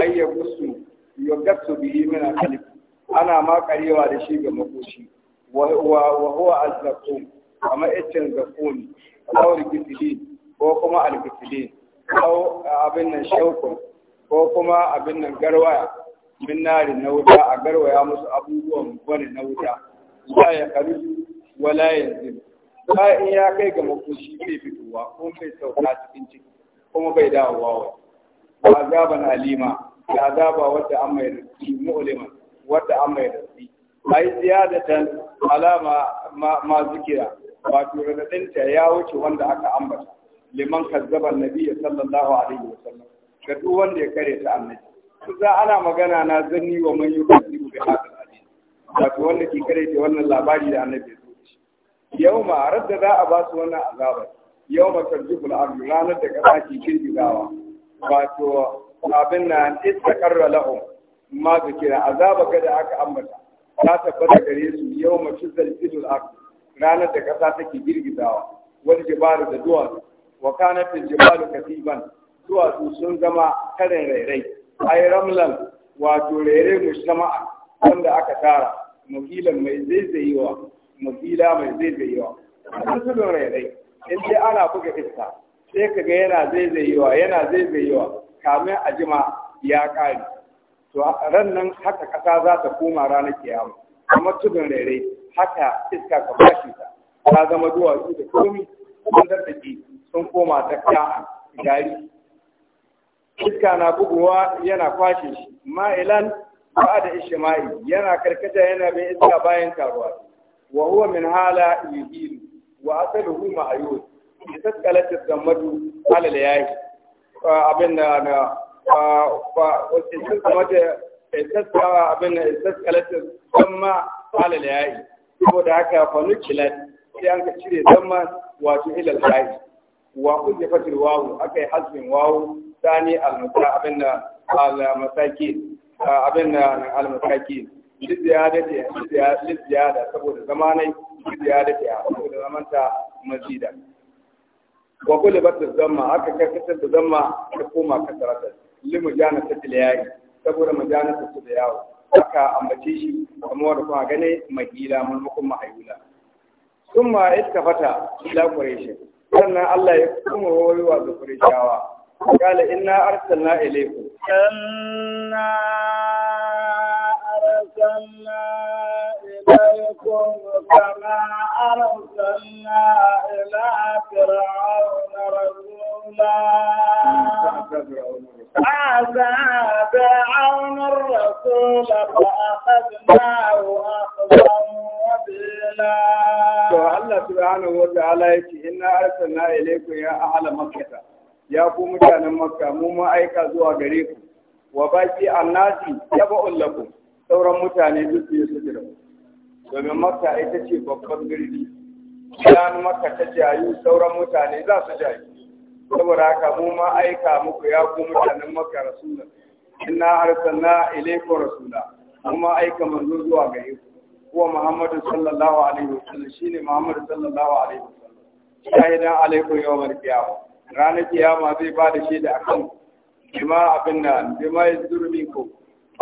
ai ya gusu ya gatsu bi mina alif ana makarewa da shi ga makoshi wa huwa azzaqum kamar iccen zakuni ko rikitilin ko kuma alkitilin ko abin nan shaukun ko kuma abin nan garwaya min nari na wuta a garwaya musu abubuwan wani na wuta ba ya karu wala yanzu ba in ya kai ga makoshi bai fitowa ko bai sauka cikin ciki kuma bai dawowa Ba wa azaban alima da azaba wanda an mai rufi mu'liman wanda an mai rufi ai ziyadatan alama ma zikira wato radadin ta ya wuce wanda aka ambata liman kazzaba annabi sallallahu alaihi wasallam ga duk wanda ya kare ta annabi za ana magana na zanni wa man yukazzibu bi hadal hadith wato wanda ke kare ta wannan labari da annabi ya zuci yauma radda za a ba su wannan azabar yauma tarjubul ardu ranar da kasa ke kirgizawa wato abin na istaqarra lahum ma zikira azaba kada aka ambata ta tabbata gare su yauma tuzal idul aqd ranar da ƙasa take girgizawa wani jibalu da duwatsu wa kana fil jibalu katiban duwatsu sun zama karin rairai ai ramlan wato rairai mushtama'a wanda aka tara mukilan mai zaizayewa mukila mai zaizayewa a tudun rairai in dai ana buga iska sai ka ga yana zaizayewa yana zaizayewa kamin a jima ya kare to ran nan haka ƙasa za ta koma ranar kiyama kamar tudun rairai haka iska ka bashi ta ta zama duwatsu da komi sun ke sun koma ta takka gari iska na bugowa yana kwashe shi ma'ilan ba da ishe ma'i yana karkata yana bin iska bayan taruwa wa huwa min hala yuhilu wa asaluhu ma'ayun taskalat zammatu ala layahi abin da na wasu sun kamata taskawa abin da taskalat zamma ala layahi saboda haka fanu kilat sai an ka cire zama wato ilal haji wa kun ya fatir wawu aka yi hasbin wawu sani almusa abin da almasaki abin da almasaki liziyadati liziyada saboda zamanai ce saboda zamanta mazida wa kulli batta zamma aka karkatar da zamma ta koma kasarata limu jana ta tilayi saboda majanata su da yawo aka ambace shi kamar da kuma gane mahila mulmukun mahayula sun ma iska fata ila ƙureshin sannan Allah ya kuma wayowa ga ƙureshawa kala inna arsalna ilaiku inna arsalna ilaikum kama arsalna ila fir'auna rasula عسى فرعون الرسول فأخذناه أخذا وبلا الله سبحانه وتعالى يقول إنا أرسلنا إليكم يا أهل مكة يا ku mutanen makka mu aika zuwa gare ku wa baki annasi yaba'un lakum sauran mutane duk su yi domin makka ita ce babban birni idan makka ta jayu sauran mutane za su jayu saboda haka mu ma aika muku ya ku mutanen maka rasula inna arsalna ilaykum rasula kuma aika manzo zuwa ga ku kuwa muhammadu sallallahu alaihi wasallam shine muhammadu sallallahu alaihi wasallam shahidan alaikum yawmal qiyamah ranar kiyama zai ba da shaida akan bima abin da bima yazuru ku.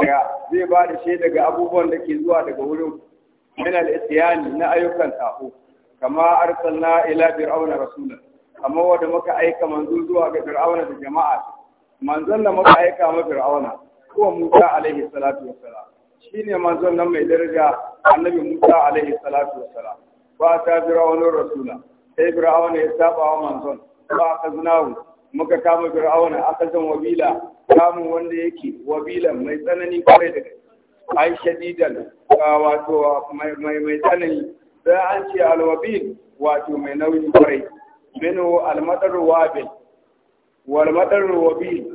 Ya zai ba da shaida ga abubuwan da ke zuwa daga wurin min al-isyani na ayyukan sako kama arsalna ila fir'auna rasulan kamar wanda muka aika manzo zuwa ga fir'auna da jama'a manzon da muka aika ma fir'auna ko Musa alaihi salatu wassalam shine manzon nan mai daraja annabi Musa alaihi salatu wassalam ba ta fir'auna rasula sai fir'auna ya saba wa manzon ba ka zunawu muka kama fir'auna san wabila kamun wanda yake wabilan mai tsanani kwarai da gaske ai shadidan wato mai mai tsanani da an ce alwabil wato mai nauyi kwarai minu almadar wabil walmadar wabil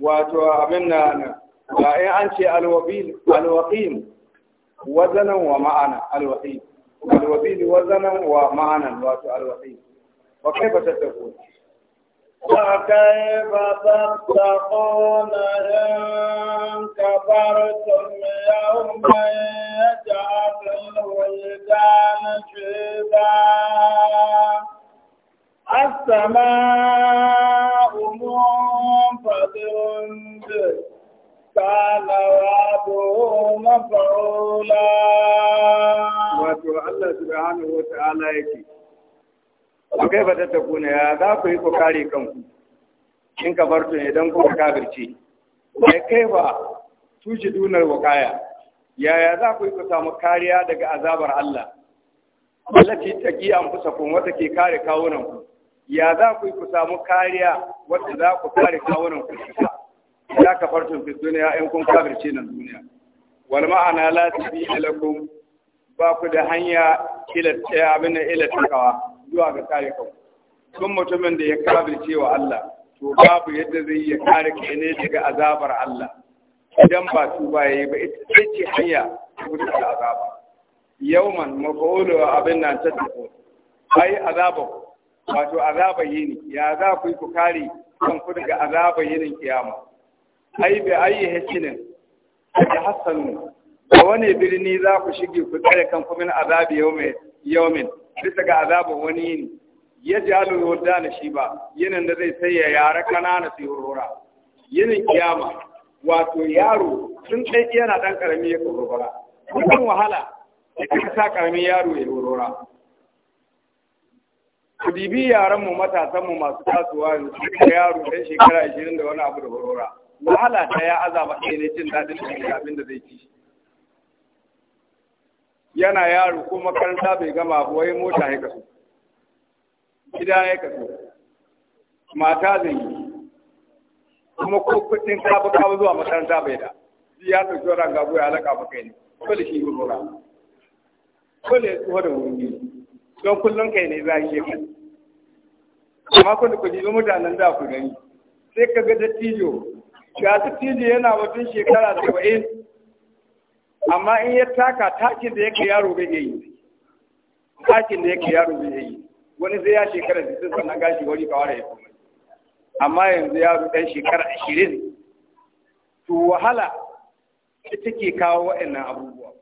wato abin na ba in an ce alwabil alwaqim wazanan wa ma'ana alwaqim alwabil wazanan wa ma'anan wato تتقون إن كفرتم يوما يجعل الولدان شيبا السماء منفطر به كان وعده مفعولا wato Allah subhanahu wata'ala yake ba kai ba ta takuna ya za ku yi ku kare kanku in ka barto idan kuka kafirce bai kai ba tushe dunar wakaya yaya za ku yi ku samu kariya daga azabar Allah Allah ta ƙi an fusa kuma wata ke kare kawunan ku ya za ku ku samu kariya wadda za ku kare kawunan kusurka ya ka fartun fi duniya in kun kafirce nan duniya wani ma'ana lati tabi ba ku da hanya ilata ya abin ila takawa zuwa ga kare kawo sun mutumin da ya kafirce wa Allah to babu yadda zai iya kare kene daga azabar Allah idan ba su ba yi ba ita ce hanya ta gudu da azaba yawman mafa'ulu abin nan ta tafi ai azabar. wato azaba yini ya za ku yi ku kare kanku daga azaba yinin kiyama ai bi ayi hisin ya hasanu da wani birni za ku shige ku tsare kanku min azabi yawmin yawmin bisa ga azabin wani yini ya ji alu wadda shi ba yinin da zai sayya yara kanana su hurhura yinin kiyama wato yaro tun ɗai yana ɗan ƙarami ya hurhura kun wahala da kasa ƙaramin yaro ya hurhura ku dibi yaran mu matasan mu masu tasowa su da yaro dan shekara 20 da wani abu da horora wahala ta ya azaba ɗaya ne jin daɗin da abin da zai ci yana yaro ko makaranta bai gama ba wai mota ya kaso gida ya kaso mata zai yi kuma ko kuɗin kafa kawo zuwa makaranta bai da ya ɗauki wa ranga ya alaka maka ne dole shi yi horora dole ya tsoho da wuri don kullum kai ne za a yi kai? amma ku da ku jibi mutanen da ku gani sai ka ga dattijo ga dattijo yana batun shekara saba'in amma in ya taka takin da yake yaro bai yi takin da yake yaro bai yi wani zai ya shekara sittin sannan gashi wani ware ya kuma amma yanzu yaro ɗan shekara ashirin to wahala ita ke kawo wa'annan abubuwa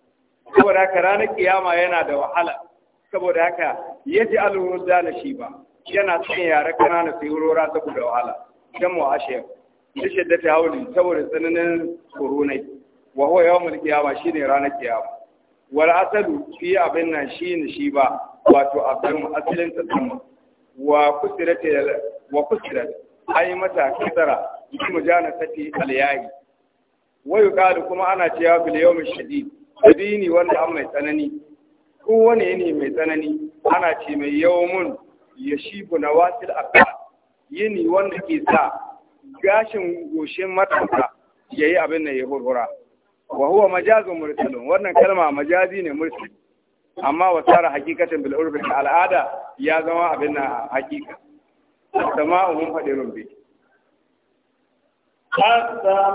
saboda haka ranar kiyama yana da wahala saboda haka yaji alwurda na shi ba yana cikin yare kanana su yi rora saboda wahala dan mu ashe da shiddata hauli saboda tsananin korunai wa mulki yawmul shi ne ranar qiyama wal asalu fi abin nan ne shi ba wato abin asalin tsamma wa kusirat wa a yi mata kisara Jana mujanasati al yayi wayo yuqalu kuma ana cewa bil yawmi shadid shadini wanda an mai tsanani ko wani ne mai tsanani ana ce mai mun. ya shibu na wasil aka yini wanda ke sa gashin goshin matasa ya yi abin da ya hurhura wa huwa majazun mursalin, wannan kalma majazi ne mursal amma tsara hakikatan bil urfi al'ada ya zama abin na hakika sama umun faɗi rumbi السماء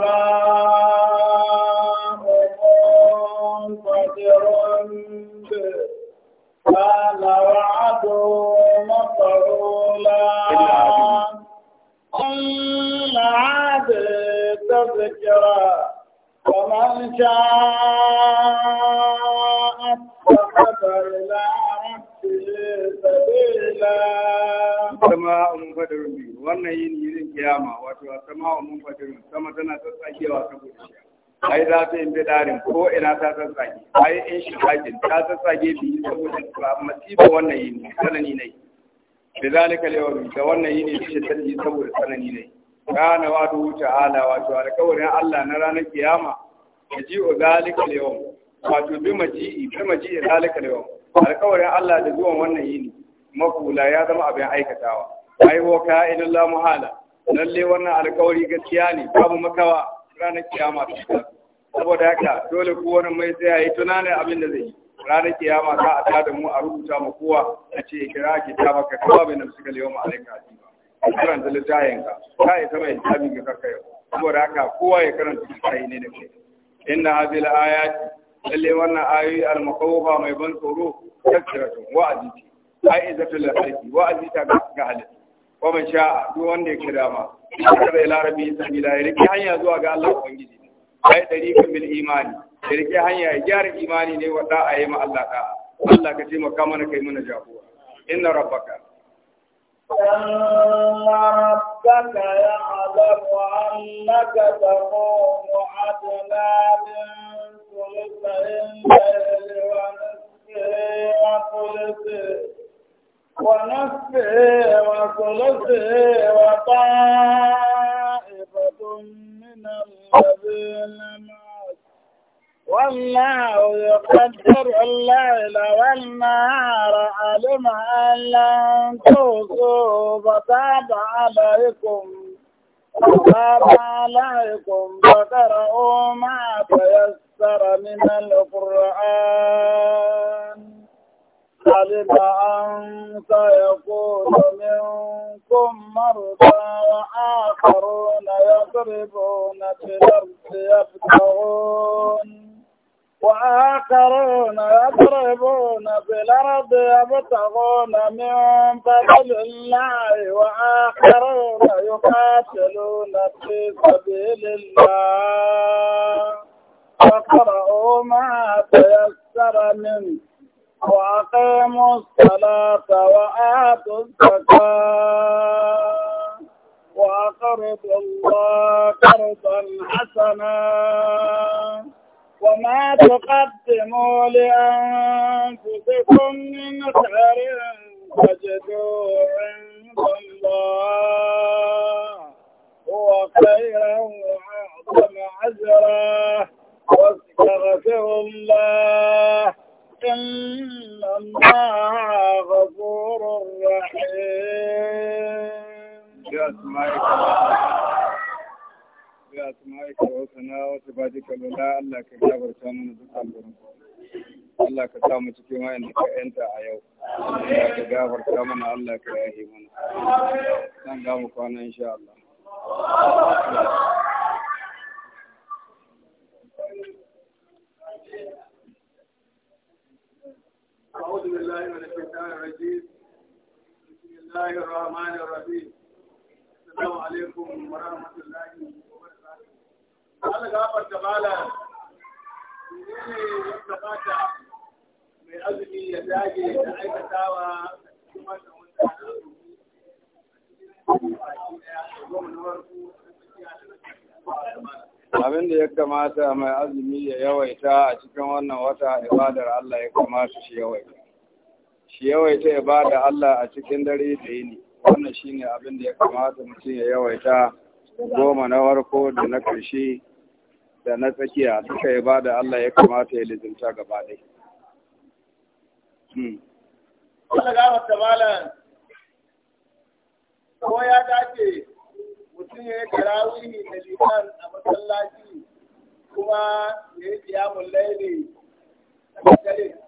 منفطر به كان وعده مفعولا أما عاد تذكرا ومن شاء اتخذ إلى ربه sama'un wannan yin yirin kiyama wato sama'un sama tana tsatsakewa saboda shi ai za su yin bidarin ko ina ta sassage ai in shi haƙin. ta sassage bi saboda masifa wannan yini sanani ne da zalika lewami da wannan yini da shi tsanani saboda sanani ne kana wa duhu ta'ala wato alƙawarin Allah na ranar kiyama ya ji o zalika lewam wato bi maji'i bi maji'i zalika lewam alƙawarin Allah da zuwan wannan yini makula ya zama abin aikatawa ai wa ka'inallahu muhala lalle wannan alƙawari gaskiya ne babu makawa ranar kiyama ta shiga saboda haka dole kowane mai sai yi tunanin abin da zai yi ranar kiyama za a tada mu a rubuta mu kowa a ce kira ki ta baka kawa bai nan suka lewa ma'alaika a karanta littafin ka Ta yi sama littafin ga karka yau saboda haka kowa ya karanta littafi ne da kai inna hadhihi al-ayati lalle wannan ayoyi al-maqawfa mai ban tsoro tafsiratu wa'azi ai izatul halqi wa'azi ta ga halitta wa man sha'a duk wanda ya kira ma da bai larabi sabila ya rike hanya zuwa ga Allah ubangiji ai dariqan bil imani ya rike hanya ya gyara imani ne wa da ayi ma Allah ka Allah ka taimaka mana kai mana jagora inna rabbaka إن ربك يعلم أنك تقوم أدنى من ثلثي الليل ونصفه وثلثه ونفسه وثلثه وطائفة من الذين معك والله يقدر الليل والنهار علم أن لن توصوا فتاب عليكم فتاب عليكم فقرأوا ما تيسر من القرآن ذلك أن سيكون منكم مرضى وآخرون يضربون في الأرض يبتغون وآخرون يضربون في الأرض يبتغون من فضل الله وآخرون يقاتلون في سبيل الله فاقرؤوا ما تيسر منه وأقيموا الصلاة وآتوا الزكاة وأقرضوا الله قرضا حسنا وما تقدموا لأنفسكم من خير تجدوه عند الله هو خيرا وأعظم أجرا واستغفروا الله إن Allah ka cikin a yau. ka gafarta mana mana. Zan gama kwana insha Allah. أعوذ بالله من الشيطان الرجيم بسم الله الرحمن الرحيم السلام عليكم ورحمة الله وبركاته قال غافر تعالى من يتقاك من أجل يتاجي تعيك تاوى ومن abin da ya kamata mai azumi ya yawaita a cikin wannan wata ibadar Allah ya kamata shi yawaita shi yawaita ya bada Allah a cikin dare da yini wannan shine abin da ya kamata mutum ya yawaita goma na warko da na ƙarshe da na tsakiya duka ya bada Allah ya kamata ya lizinta gaba ɗaya. Hmm. Wanda gafar ta malam ko ya dace mutum ya yi da liman a masallaci kuma ya yi kiyamun laili a dare.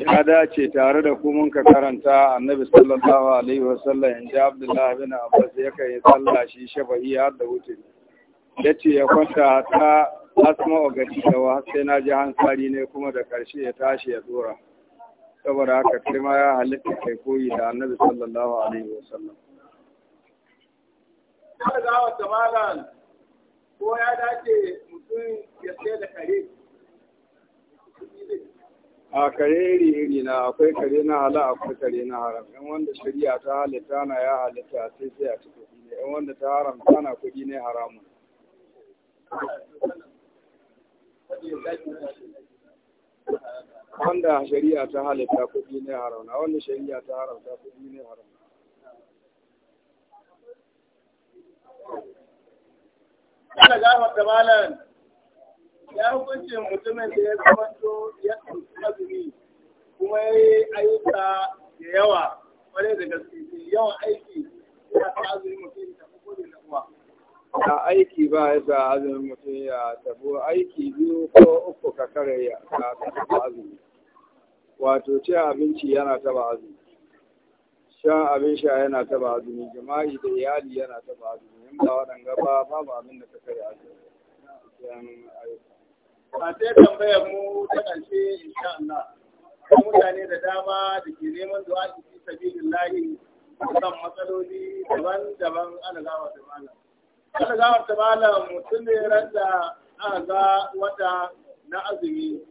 ya dace tare da ku mun ka karanta annabi sallallahu alaihi wasallam in ji abdullah bin abbas ya kai sallah shi shafa'i har da wuce ya ce ya kwanta ta asma wa gari da wa sai na ji hansari ne kuma da karshe ya tashi ya tsora. saboda haka kai ma ya halitta kai koyi da annabi sallallahu alaihi wasallam ko ya dace mutum ya sai da kare a kare iri iri na akwai kare na hala akwai kare na haram in wanda shari'a ta halitta na ya halitta sai sai a ci kuɗi ne in wanda ta haramta na kuɗi ne haramun wanda shari'a ta halitta kuɗi ne haram na wanda shari'a ta haramta kuɗi ne haram Allah ga wa kamalan ya hukuncin mutumin da ya zamanto ya azumi kuma ya yi ayyuka da yawa kwarai da gaske yawan aiki ya ta azumi mutum ta fi kodin da uwa. a aiki ba ya sa azumin mutum ya tabo aiki biyu ko uku ka kare ya ka taba azumi wato cin abinci yana taba azumi shan abin sha yana taba azumi jima'i da iyali yana taba azumi in ba waɗanda ba babu abin da ka kare azumi ba sai tambayar mu ta ƙarshe insha Allah ko mutane da dama da ke neman du'a fi sabilillahi kan matsaloli daban-daban ana gawar malam ana gawar malam mutum ne randa aka ga wata na azumi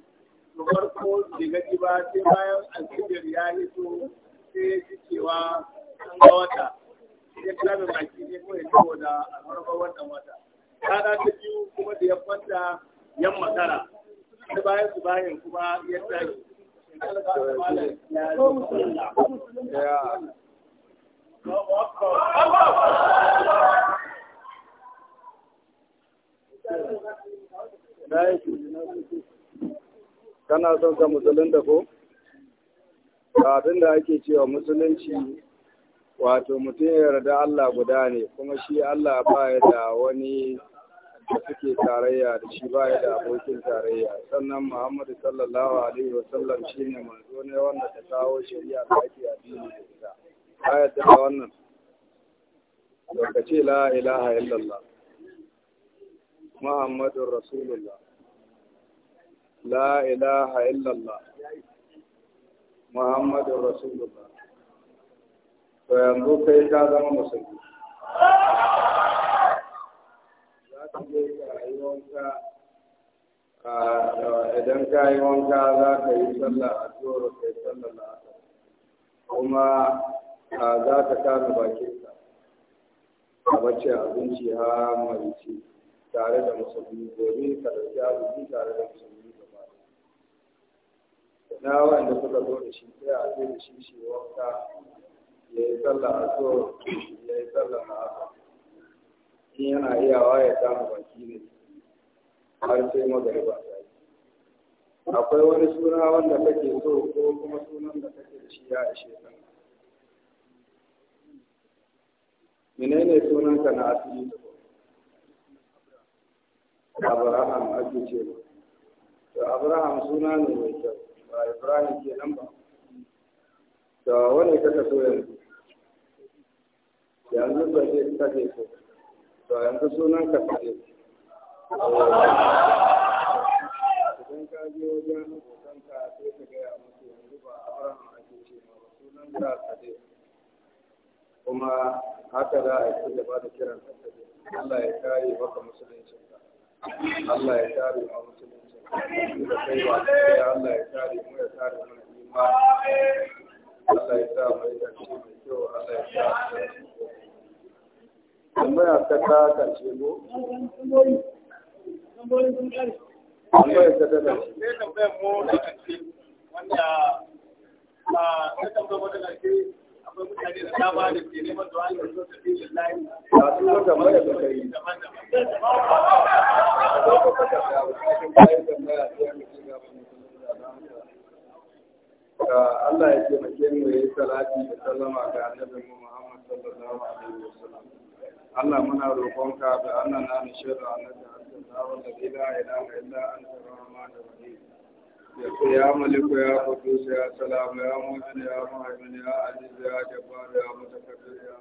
da farko bai gaji ba sai bayan alfijir ya hito sai ya ji cewa an ga wata ya kira baki ne kawai saboda albarkar wannan wata rana ta biyu kuma da ya kwanta yan makara da bayan su bayan kuma ya tashi kana son ka musulun da ko? abin da ake cewa musulunci wato mutum ya yarda Allah guda ne kuma shi Allah ba ya da wani da suke tarayya da shi ba ya da abokin tarayya sannan muhammadu sallallahu alaihi wa sallam shi ne manzo ne wanda ta kawo shari'a da ake addini da ita yadda da wannan lokaci la ilaha illallah muhammadun rasulullah la ilaha illallah muhammadun rasulullah to yanzu kai ka zama musulmi idan ka yi wanka za ka yi sallah a zuwa ka yi sallah la'asar kuma za ka bakin bakinka a bacci abinci ha mai ci tare da musulmi gobe ka ya abinci tare da musulmi gaba na wanda suka zo da shi sai a zai da shi shi wanka ya yi sallah a zuwa ya yi sallah la'asar in yana iyawa ya samu baki ne har sai magariba ta yi akwai wani suna wanda kake so ko kuma sunan da kake da shi ya ishe ka menene sunanka na asali abraham ake ce ba to abraham suna ne mai kyau ba ibrahim ke nan ba to wani kaka so yanzu yanzu ba ce kake so to yanzu sunan ka sa'id idan ka je wajen abokanka sai ka gaya musu yanzu ba abraham ake ce ma ba sunan ka sa'id kuma haka za a ci gaba da kiran ka sa'id Allah ya kare maka musulunci Allah ya kare ma musulunci da kai ba Allah ya kare mu ya kare mu imani Allah ya sa mu yi mai kyau Allah ya sa mu tambaya ta da karshe wanda ah, ta mu da Allah ya ce mu ya yi salati da sallama ga Muhammad sallallahu alaihi wasallam Allah muna roƙonka da Allah na nishira annaka anta wanda la ilaha illa anta rahmanur rahim ya ya maliku ya qudus ya salam ya mu'min ya mu'min ya aziz ya jabbar ya mutakabbir ya